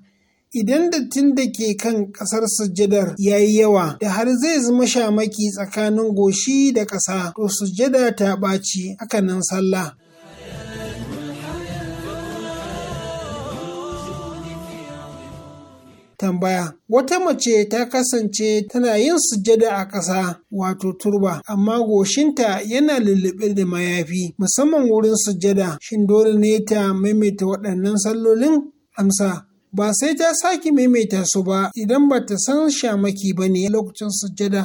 idan dattin da ke kan ƙasar sujjadar ya yi yawa da har zai zama shamaki tsakanin goshi da ƙasa to sujada ta ɓaci nan sallah tambaya wata mace ta kasance tana yin sujjada a ƙasa wato turba amma goshinta yana lullube da mayafi musamman wurin sujada shin dole ne ta maimaita waɗannan sallolin amsa ba sai ta sake maimaita su ba idan ba ta san shamaki ba ne lokacin sujjada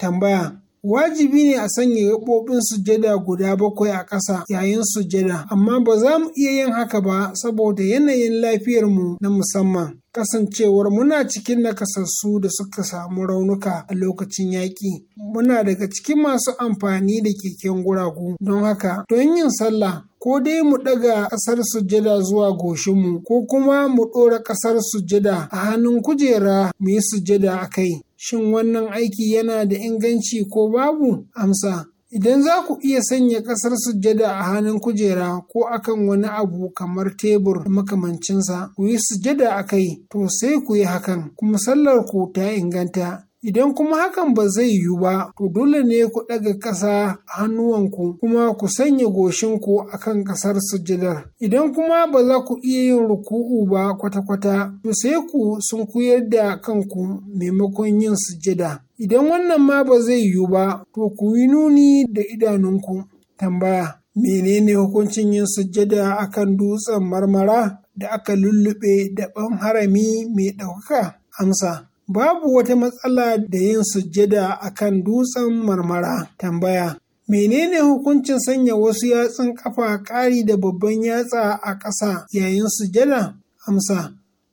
tambaya Wajibi ne a sanya gaɓoɓin sujada guda bakwai a ƙasa yayin sujada, amma ba za mu iya yin haka ba saboda yanayin lafiyarmu na musamman. Kasancewar muna cikin nakasassu da suka samu raunuka a lokacin yaƙi, muna daga cikin masu amfani da keken guragu don haka don yin sallah ko dai mu ɗaga ƙasar sujada zuwa goshinmu ko kuma mu ɗora ƙasar sujada a hannun kujera mu yi sujada a kai Shin wannan aiki yana da inganci ko babu? Amsa. Idan za ku iya sanya ƙasar sujjada a hannun kujera ko akan wani abu kamar tebur da makamancinsa, ku yi sujjada a kai, to sai ku yi hakan, kuma sallar ku ta inganta. Idan kuma hakan ba zai yiwu ba, to dole ne ku ɗaga ƙasa a hannuwanku kuma ku sanya goshinku a kan ƙasar sujadar. Idan kuma ba za ku iya yin ruku'u ba kwata-kwata, to sai ku sun kuyar da kanku maimakon yin sujada. Idan wannan ma ba zai yiwu ba, to ku yi nuni da idanunku. Tambaya. Menene hukuncin yin sujada kan dutsen marmara da aka lullube daban harami mai ɗaukaka? Amsa. Babu wata matsala da yin sujjada a kan dutsen marmara. Tambaya. Menene hukuncin sanya wasu yatsun kafa ƙari da babban yatsa a ƙasa yayin sujjada? Amsa.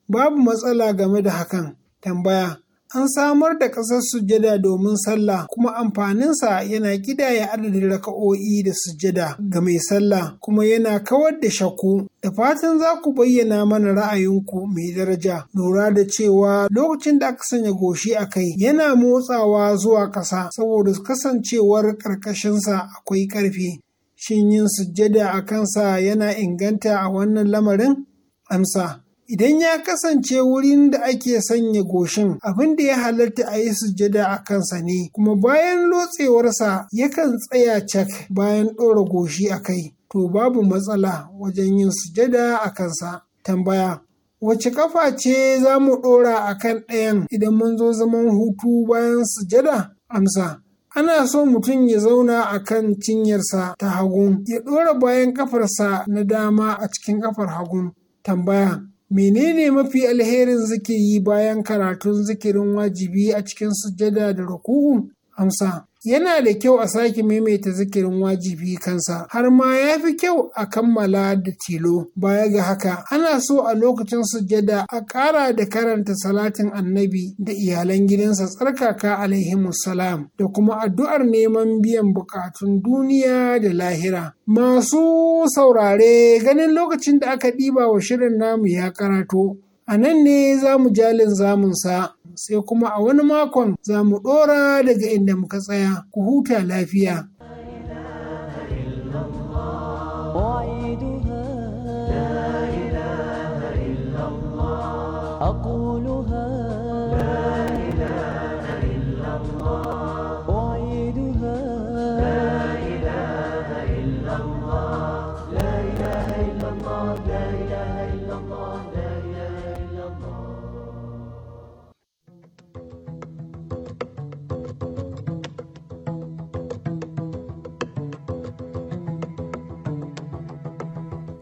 Babu matsala game da hakan. Tambaya. an samar da ƙasar sujada domin sallah kuma amfaninsa yana ƙidaya adadin raka'o'i da sujada ga mai sallah kuma yana kawar da shakku da fatan za ku bayyana mana ra'ayinku mai daraja lura da cewa lokacin da aka sanya goshi a kai yana motsawa zuwa ƙasa saboda kasancewar ƙarƙashinsa akwai ƙarfi shin yin sujada a kansa yana inganta a wannan lamarin amsa Idan ya kasance wurin da ake sanya goshin abin da ya halatta a yi sujada a kansa ne, kuma bayan lotsewarsa yakan tsaya cak bayan ɗora goshi a kai, to babu matsala wajen yin sujada a kansa. Tambaya Wace kafa ce za mu ɗora a kan ɗayan idan mun zo zaman hutu bayan sujada? Amsa ana so mutum ya zauna a kan cinyarsa ta hagu. ya ɗora bayan kafarsa na dama a cikin kafar hagun tambaya Menene mafi alherin zikiri bayan karatun zikirin wajibi a cikin sujada da ruku'u? Amsa: yana da kyau a sake maimaita zikirin wajibi kansa har ma ya fi kyau a kammala da tilo baya ga haka ana so a lokacin sujjada a ƙara da karanta salatin annabi da iyalan gidansa tsarkaka alaihi salam da kuma addu'ar neman biyan bukatun duniya da lahira masu saurare ganin lokacin da aka ɗiba wa shirin namu ya karato a nan ne za mu jalin zamunsa sai kuma a wani makon za mu ɗora daga inda muka tsaya. Ku huta lafiya.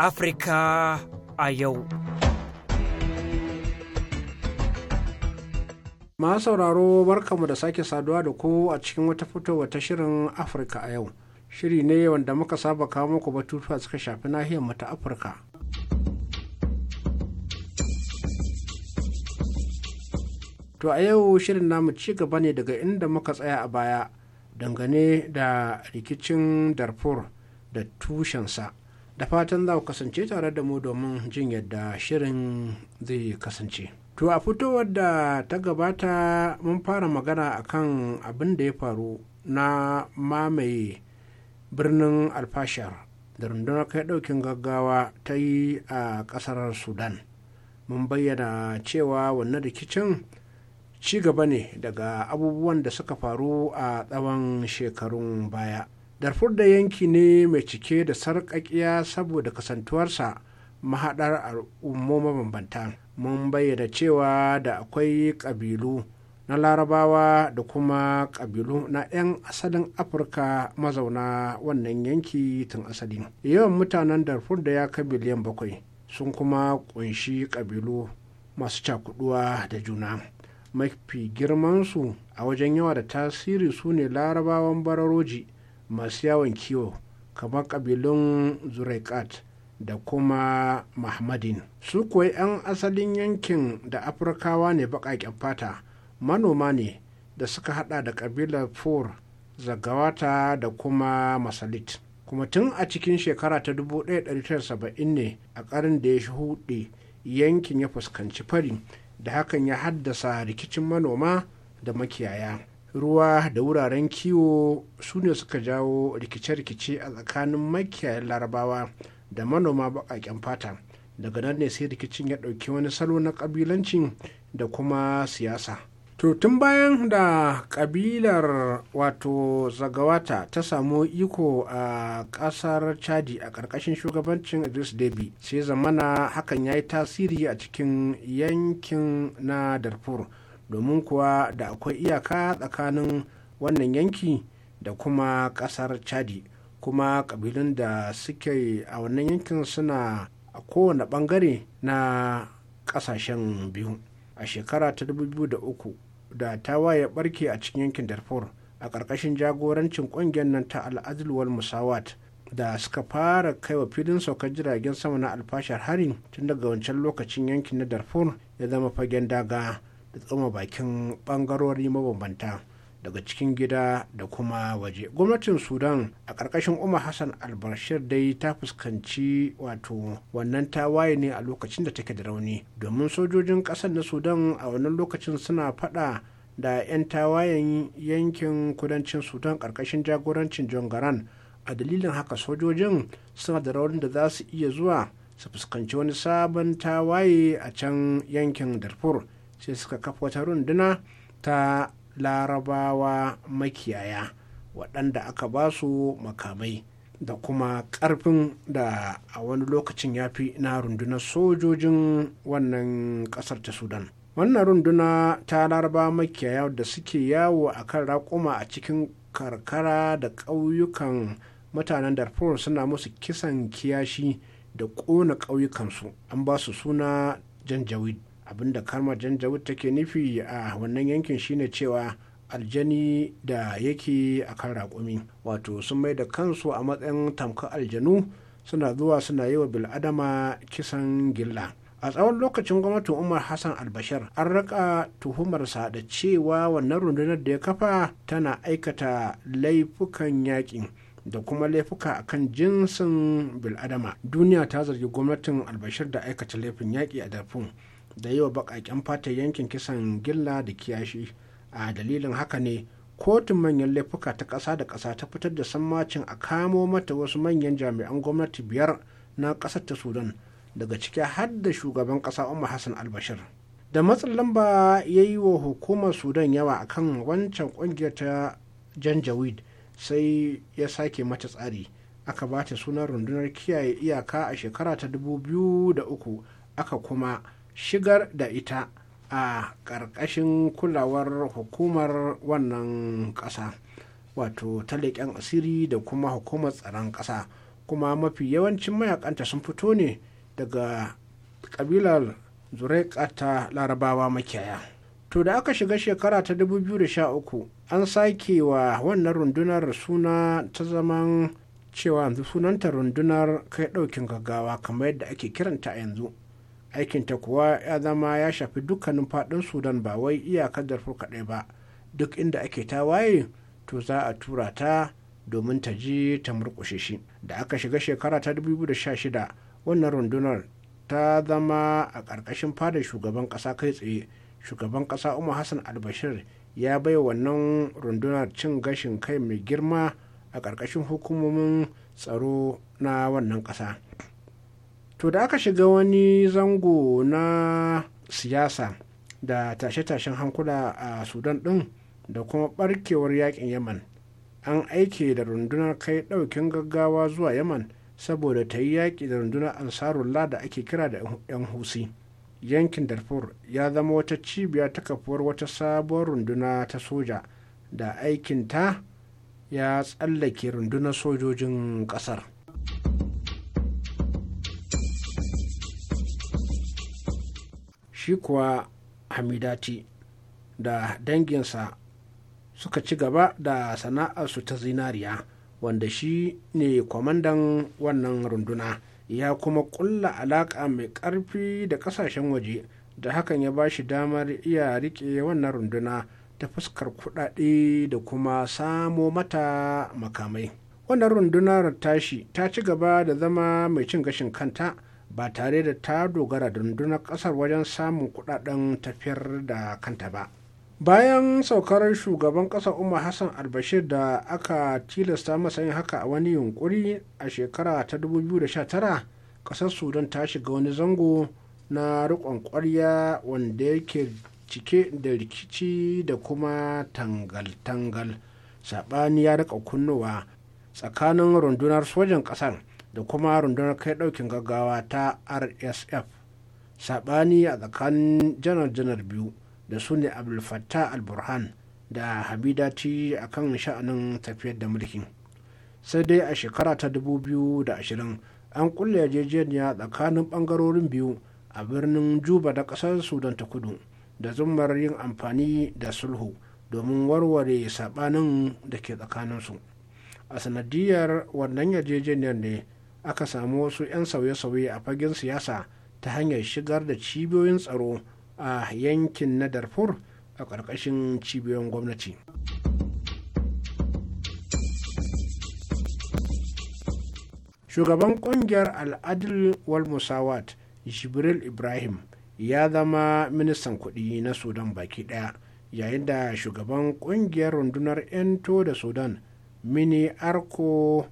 Afirka a yau. Ma sauraro barkamu da sake saduwa da ku a cikin wata fitowa ta shirin Afirka a yau. Shiri ne wanda muka saba kawo muku batutuwa suka shafi nahiyar mu ta Afirka. To a yau shirin namu ci gaba ne daga inda muka tsaya a baya dangane da rikicin Darfur da tushensa. da fatan za ku kasance tare da mu domin jin yadda shirin zai kasance to a fitowar da ta gabata mun fara magana a kan abin da ya faru na mamaye birnin alfashar da rundunar kai daukin gaggawa ta yi a kasar sudan mun bayyana cewa wannan rikicin ci gaba ne daga abubuwan da suka faru a tsawon shekarun baya darfur da yanki ne mai cike da sarƙaƙiya saboda kasantuwarsa mahaɗar al'ummo mabambanta mun bayyana cewa da akwai ƙabilu na larabawa da kuma ƙabilu na 'yan asalin afirka mazauna wannan yanki tun asali yawan mutanen darfur da ya kai biliyan bakwai sun kuma ƙunshi ƙabilu masu cakuduwa da juna mafi girmansu a wajen yawa da tasiri su ne larabawan bararoji masu yawon kiwo kamar kabilun zurekat da kuma mahmadin su kuwa 'yan asalin yankin da afirkawa ne baƙaƙen fata manoma ne da suka hada da kabilar fur zagawata da kuma masalit kuma tun a cikin shekara ta 1970 ne a ƙarin da ya shuɗe yankin ya fuskanci fari da hakan ya haddasa rikicin manoma da makiyaya ruwa da wuraren kiwo su ne suka jawo rikice-rikice a tsakanin makiyayan larabawa da manoma baƙaƙen fata daga nan ne sai rikicin ya ɗauki wani salo na ƙabilanci da kuma siyasa to tun bayan da ƙabilar wato zagawata ta samu iko a ƙasar chadi a ƙarƙashin shugabancin idris debi sai zamana hakan ya yi tasiri a cikin yankin na darfur domin kuwa da akwai iyaka tsakanin wannan yanki da kuma ƙasar chadi kuma kabilun da suke a wannan yankin suna a kowane bangare na ƙasashen biyu a shekara ta 2003 da ta tawaye barke a cikin yankin darfur a ƙarƙashin jagorancin ƙungiyar nan ta al'adulwar musawat da suka fara kai wa filin saukar jiragen sama na alfashar harin tun daga wancan lokacin yankin na darfur ya zama fagen daga da tsoma bakin bangarori mabambanta daga cikin gida da kuma waje gwamnatin sudan a ƙarƙashin umar hassan albashir dai ta fuskanci wato wannan tawaye ne a lokacin da take da rauni domin sojojin ƙasar na sudan a wannan lokacin suna faɗa da 'yan tawayen yankin kudancin sudan ƙarƙashin jagorancin john garan a dalilin haka sojojin suna da raunin da za su iya zuwa su fuskanci wani sabon tawaye a can yankin darfur sai suka kafa wata runduna ta larabawa makiyaya waɗanda aka ba su makamai da kuma ƙarfin da a wani lokacin ya fi na rundunar sojojin wannan ƙasar ta sudan wannan runduna ta laraba makiyaya da suke yawo a kan raƙuma a cikin karkara da ƙauyukan mutanen darfur suna musu kisan kiyashi da ƙona ƙauyukansu an ba su suna janjawid abinda karma janjawut take nufi a wannan yankin shine cewa aljani da yake a kan raƙumi wato sun mai da kansu a matsayin tamkar aljanu suna zuwa suna yi wa bil'adama kisan gilla a tsawon lokacin gwamnatin umar hassan albashar an raka tuhumarsa da cewa wannan rundunar da ya kafa tana aikata laifukan yaƙi da kuma laifuka a kan jinsin bil'adama duniya ta zargi gwamnatin albashar da aikata laifin yaƙi a darfur da yi wa baƙaƙen fatar yankin kisan gilla da kiyashi a dalilin haka ne kotun manyan laifuka ta ƙasa da ƙasa ta fitar da sammacin a kamo mata wasu manyan jami'an gwamnati biyar na ƙasar ta sudan daga ciki har da shugaban ƙasa umar hassan albashir da matsin lamba ya yi wa hukumar sudan yawa akan wancan ƙungiyar ta janjaweed sai ya sake mata tsari aka ba ta sunan rundunar kiyaye iyaka a shekara ta dubu biyu da uku aka kuma shigar da ita a ƙarƙashin kulawar hukumar wannan ƙasa wato ta leƙen asiri da kuma hukumar tsaron ƙasa kuma mafi yawancin mayakanta sun fito ne daga ƙabilar zuraika ta larabawa makiyaya to da aka shiga shekara ta 2013 an sake wa wannan rundunar suna ta zaman cewa yanzu sunanta rundunar kai ɗaukin gaggawa kamar yadda ake kiranta a yanzu aikinta kuwa ya zama ya shafi dukkanin faɗin sudan ba wai iyakar darfur kaɗai ba duk inda ake ta waye to za a tura ta domin ta je ta murƙushe shi da aka shiga shekara ta 2016 wannan rundunar ta zama a ƙarƙashin fadar shugaban ƙasa kai tsaye shugaban ƙasa umar hassan albashir ya bai wannan rundunar cin gashin kai mai girma a ƙarƙashin hukumomin tsaro na wannan ƙasa to da aka shiga wani zango na siyasa da tashe-tashen hankula a sudan din da kuma barkewar yakin yaman an aike da rundunar kai daukin gaggawa zuwa yaman saboda ta yi yaƙi da rundunar ansarullah da ake kira da 'yan husi yankin darfur ya zama wata cibiya ta kafuwar wata sabuwar runduna ta soja da aikinta ya tsallake rundunar sojojin ƙasar shi kuwa hamidati da danginsa suka ci gaba da sana'arsu ta zinariya wanda shi ne kwamandan wannan runduna ya kuma kulla alaƙa mai ƙarfi da ƙasashen waje da hakan ya ba shi damar iya riƙe wannan runduna ta fuskar kuɗaɗe da kuma samo mata makamai wannan rundunar tashi ta ci gaba da zama mai cin gashin kanta ba tare da ta dogara da rundunar kasar wajen samun kudaden tafiyar da kanta ba bayan saukar shugaban kasar umar hassan albashir da aka tilasta masa yin haka a wani yunkuri a shekara ta 2019 kasar sudan ta shiga wani zango na rikon kwarya wanda yake cike da rikici da kuma tangal-tangal sabani ya rika kunnuwa tsakanin rundunar sojan kasar da kuma rundunar kai ɗaukin gaggawa ta rsf saɓani a tsakanin janar-janar biyu da su ne abdulfattah al-burhan da habidati a kan sha'anin tafiyar da mulkin sai dai a shekara ta 2020 an kulle yarjejeniya tsakanin ɓangarorin biyu a birnin juba da ƙasar sudan ta kudu da zumar yin amfani da sulhu domin warware saɓanin da ke tsakaninsu a sanadiyar wannan yarjejeniyar ne aka samu wasu 'yan sauye-sauye a fagen siyasa ta hanyar shigar da cibiyoyin tsaro a yankin na darfur a ƙarƙashin cibiyoyin gwamnati shugaban ƙungiyar al'adil wal musawat jibril ibrahim ya zama ministan kuɗi na sudan baki ɗaya yayin da shugaban ƙungiyar rundunar 'yanto da sudan mini arko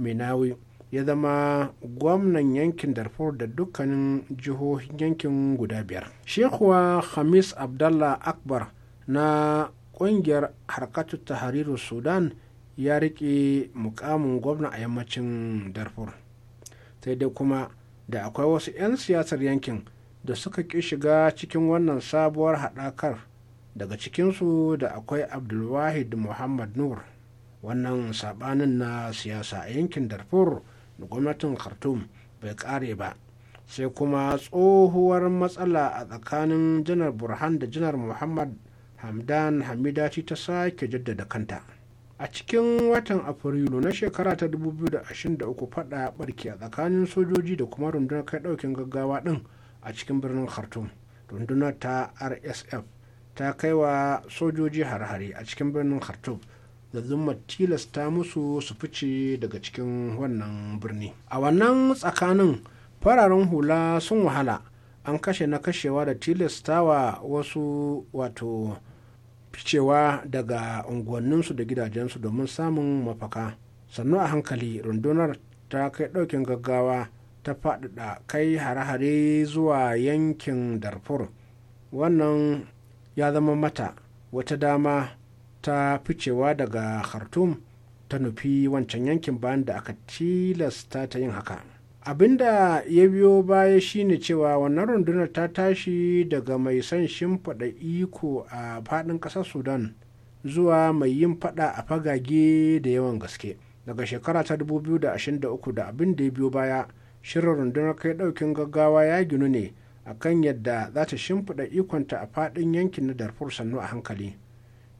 minawi ya zama gwamnan yankin darfur da dukkanin jihohin yankin guda biyar shekuwa hamis abdallah akbar na kungiyar harkatu tahariru sudan ya rike mukamin gwamna a yammacin darfur sai dai kuma da akwai wasu 'yan siyasar yankin da suka ƙi shiga cikin wannan sabuwar haɗakar daga cikinsu da akwai abdulwahid muhammad nur wannan sabanin na siyasa a yankin darfur da gwamnatin khartoum bai kare ba sai kuma tsohuwar matsala a tsakanin janar burhan da janar muhammad hamdan hamidaci ta sake jaddada kanta a cikin watan afrilu na shekara ta 2023 fada barki a tsakanin sojoji da kuma rundunar kai daukin gaggawa din a cikin birnin khartoum rundunar ta rsf ta kai wa sojoji harhare hari a cikin birnin khartoum da zummar tilasta musu su fice daga cikin wannan birni a wannan tsakanin fararen hula sun wahala an kashe na kashewa da tilastawa wasu wato ficewa daga unguwanninsu da gidajensu domin samun mafaka sannu a hankali rundunar ta kai ɗaukin gaggawa ta faɗaɗa kai hare-hare zuwa yankin darfur wannan ya zama mata wata dama ta ficewa daga khartoum ta nufi wancan yankin bayan da aka tilasta ta yin haka abinda ya biyo baya shine cewa wannan rundunar ta tashi daga mai son shimfiɗa iko a faɗin ƙasar sudan zuwa mai yin faɗa a fagage da yawan gaske daga shekara ta 2023 da abin da ya biyo baya shirin rundunar kai ɗaukin gaggawa ya ginu ne akan yadda za ta shimfiɗa ikonta a faɗin yankin na darfur sannu a hankali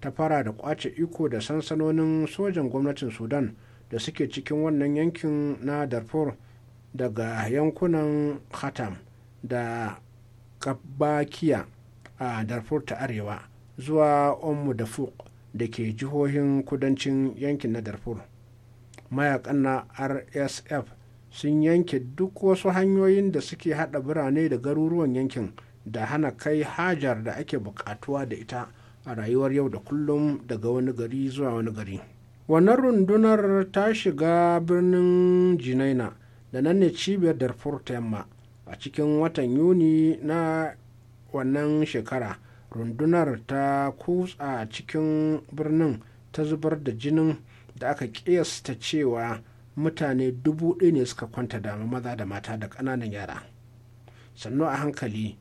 ta fara da kwace iko da sansanonin sojan gwamnatin sudan da suke cikin wannan yankin na darfur daga yankunan khatam da kabakiya a darfur ta arewa zuwa ummu da fuk da ke jihohin kudancin yankin na darfur mayakan na rsf sun yanke duk wasu hanyoyin da suke hada birane da garuruwan yankin da hana kai hajar da ake bukatuwa da ita a rayuwar yau da kullum daga wani gari zuwa wani gari wannan rundunar ta shiga birnin jinaina da nan ne cibiyar darfur ta yamma a cikin watan yuni na wannan shekara rundunar ta kutsa cikin birnin ta zubar da jinin da aka kiyasta cewa mutane dubu ɗaya ne suka kwanta dama maza da mata da ƙananan yara sannu a hankali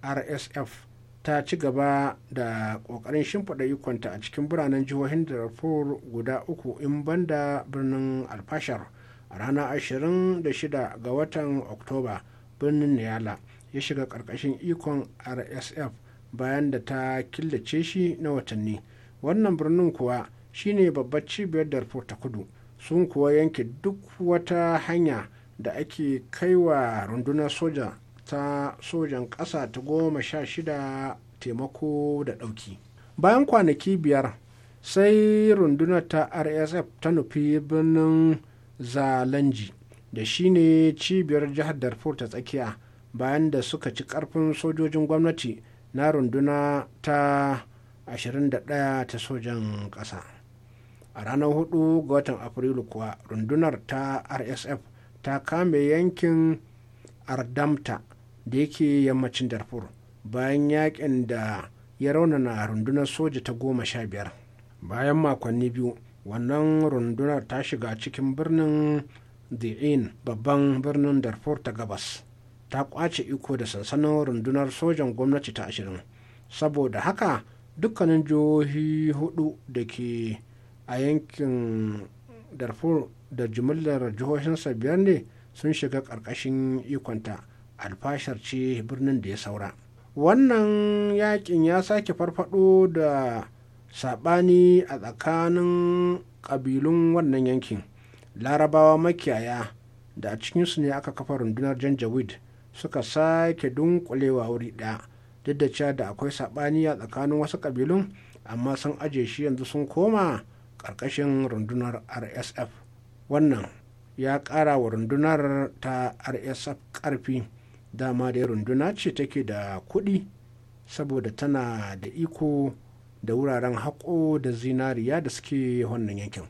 rsf ta ci gaba da kokarin shimfiɗa ikonta a cikin biranen jihohin darfur guda uku in banda birnin alfashar a ranar 26 ga watan oktoba birnin niyala ya shiga ƙarƙashin ikon rsf bayan da ta killace shi na watanni wannan birnin kuwa shine babbar cibiyar darfur ta kudu sun kuwa yanke duk wata hanya da ake kaiwa rundunar soja ta sojan ƙasa ta goma sha shida taimako da ɗauki bayan kwanaki biyar sai rundunar ta rsf ta nufi birnin zalanji da shine cibiyar jihar darfur ta tsakiya bayan da suka ci ƙarfin sojojin gwamnati na runduna ta 21 ta sojan ƙasa a ranar 4 ga watan afrilu kuwa rundunar ta rsf ta kame yankin ardamta da yake yammacin darfur bayan yakin da ya raunana rundunar soja ta goma sha biyar bayan makonni biyu wannan rundunar ta shiga cikin birnin di'in babban birnin darfur ta gabas ta kwace iko da sansanin rundunar sojan gwamnati ta ashirin saboda haka dukkanin jihohi hudu da ke a yankin darfur da jimillar jihohinsa biyar ne sun shiga ƙarƙashin ikonta alfashar ce birnin da ya saura wannan yakin ya sake farfado da sabani a tsakanin kabilun wannan yankin larabawa makiyaya da a cikinsu ne aka kafa rundunar janjawud suka sake dunkulewa wuri ɗaya duk da cewa da akwai sabani a tsakanin wasu kabilun amma sun aje shi yanzu sun koma ƙarƙashin rundunar rsf wannan ya ƙara wa rundunar ta rsf ƙarfi dama dai runduna ce take da kuɗi saboda tana da iko da wuraren haƙo da zinariya da suke wannan yankin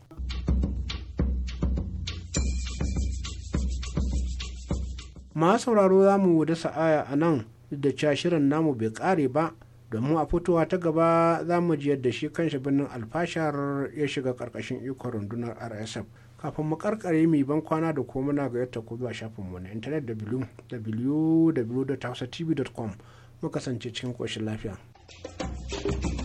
ma sauraro za mu da sa'aya a nan da cashirin namu bai ƙare ba domin a fitowa ta gaba za mu ji yadda shi kan shi birnin alfashar ya shiga ƙarƙashin ikon rundunar rsf kafin mu karkare mai ban kwana da kuma muna ga yadda ko zuwa shafin mu na intanet www.hausatv.com mu kasance cikin koshin lafiya. thank you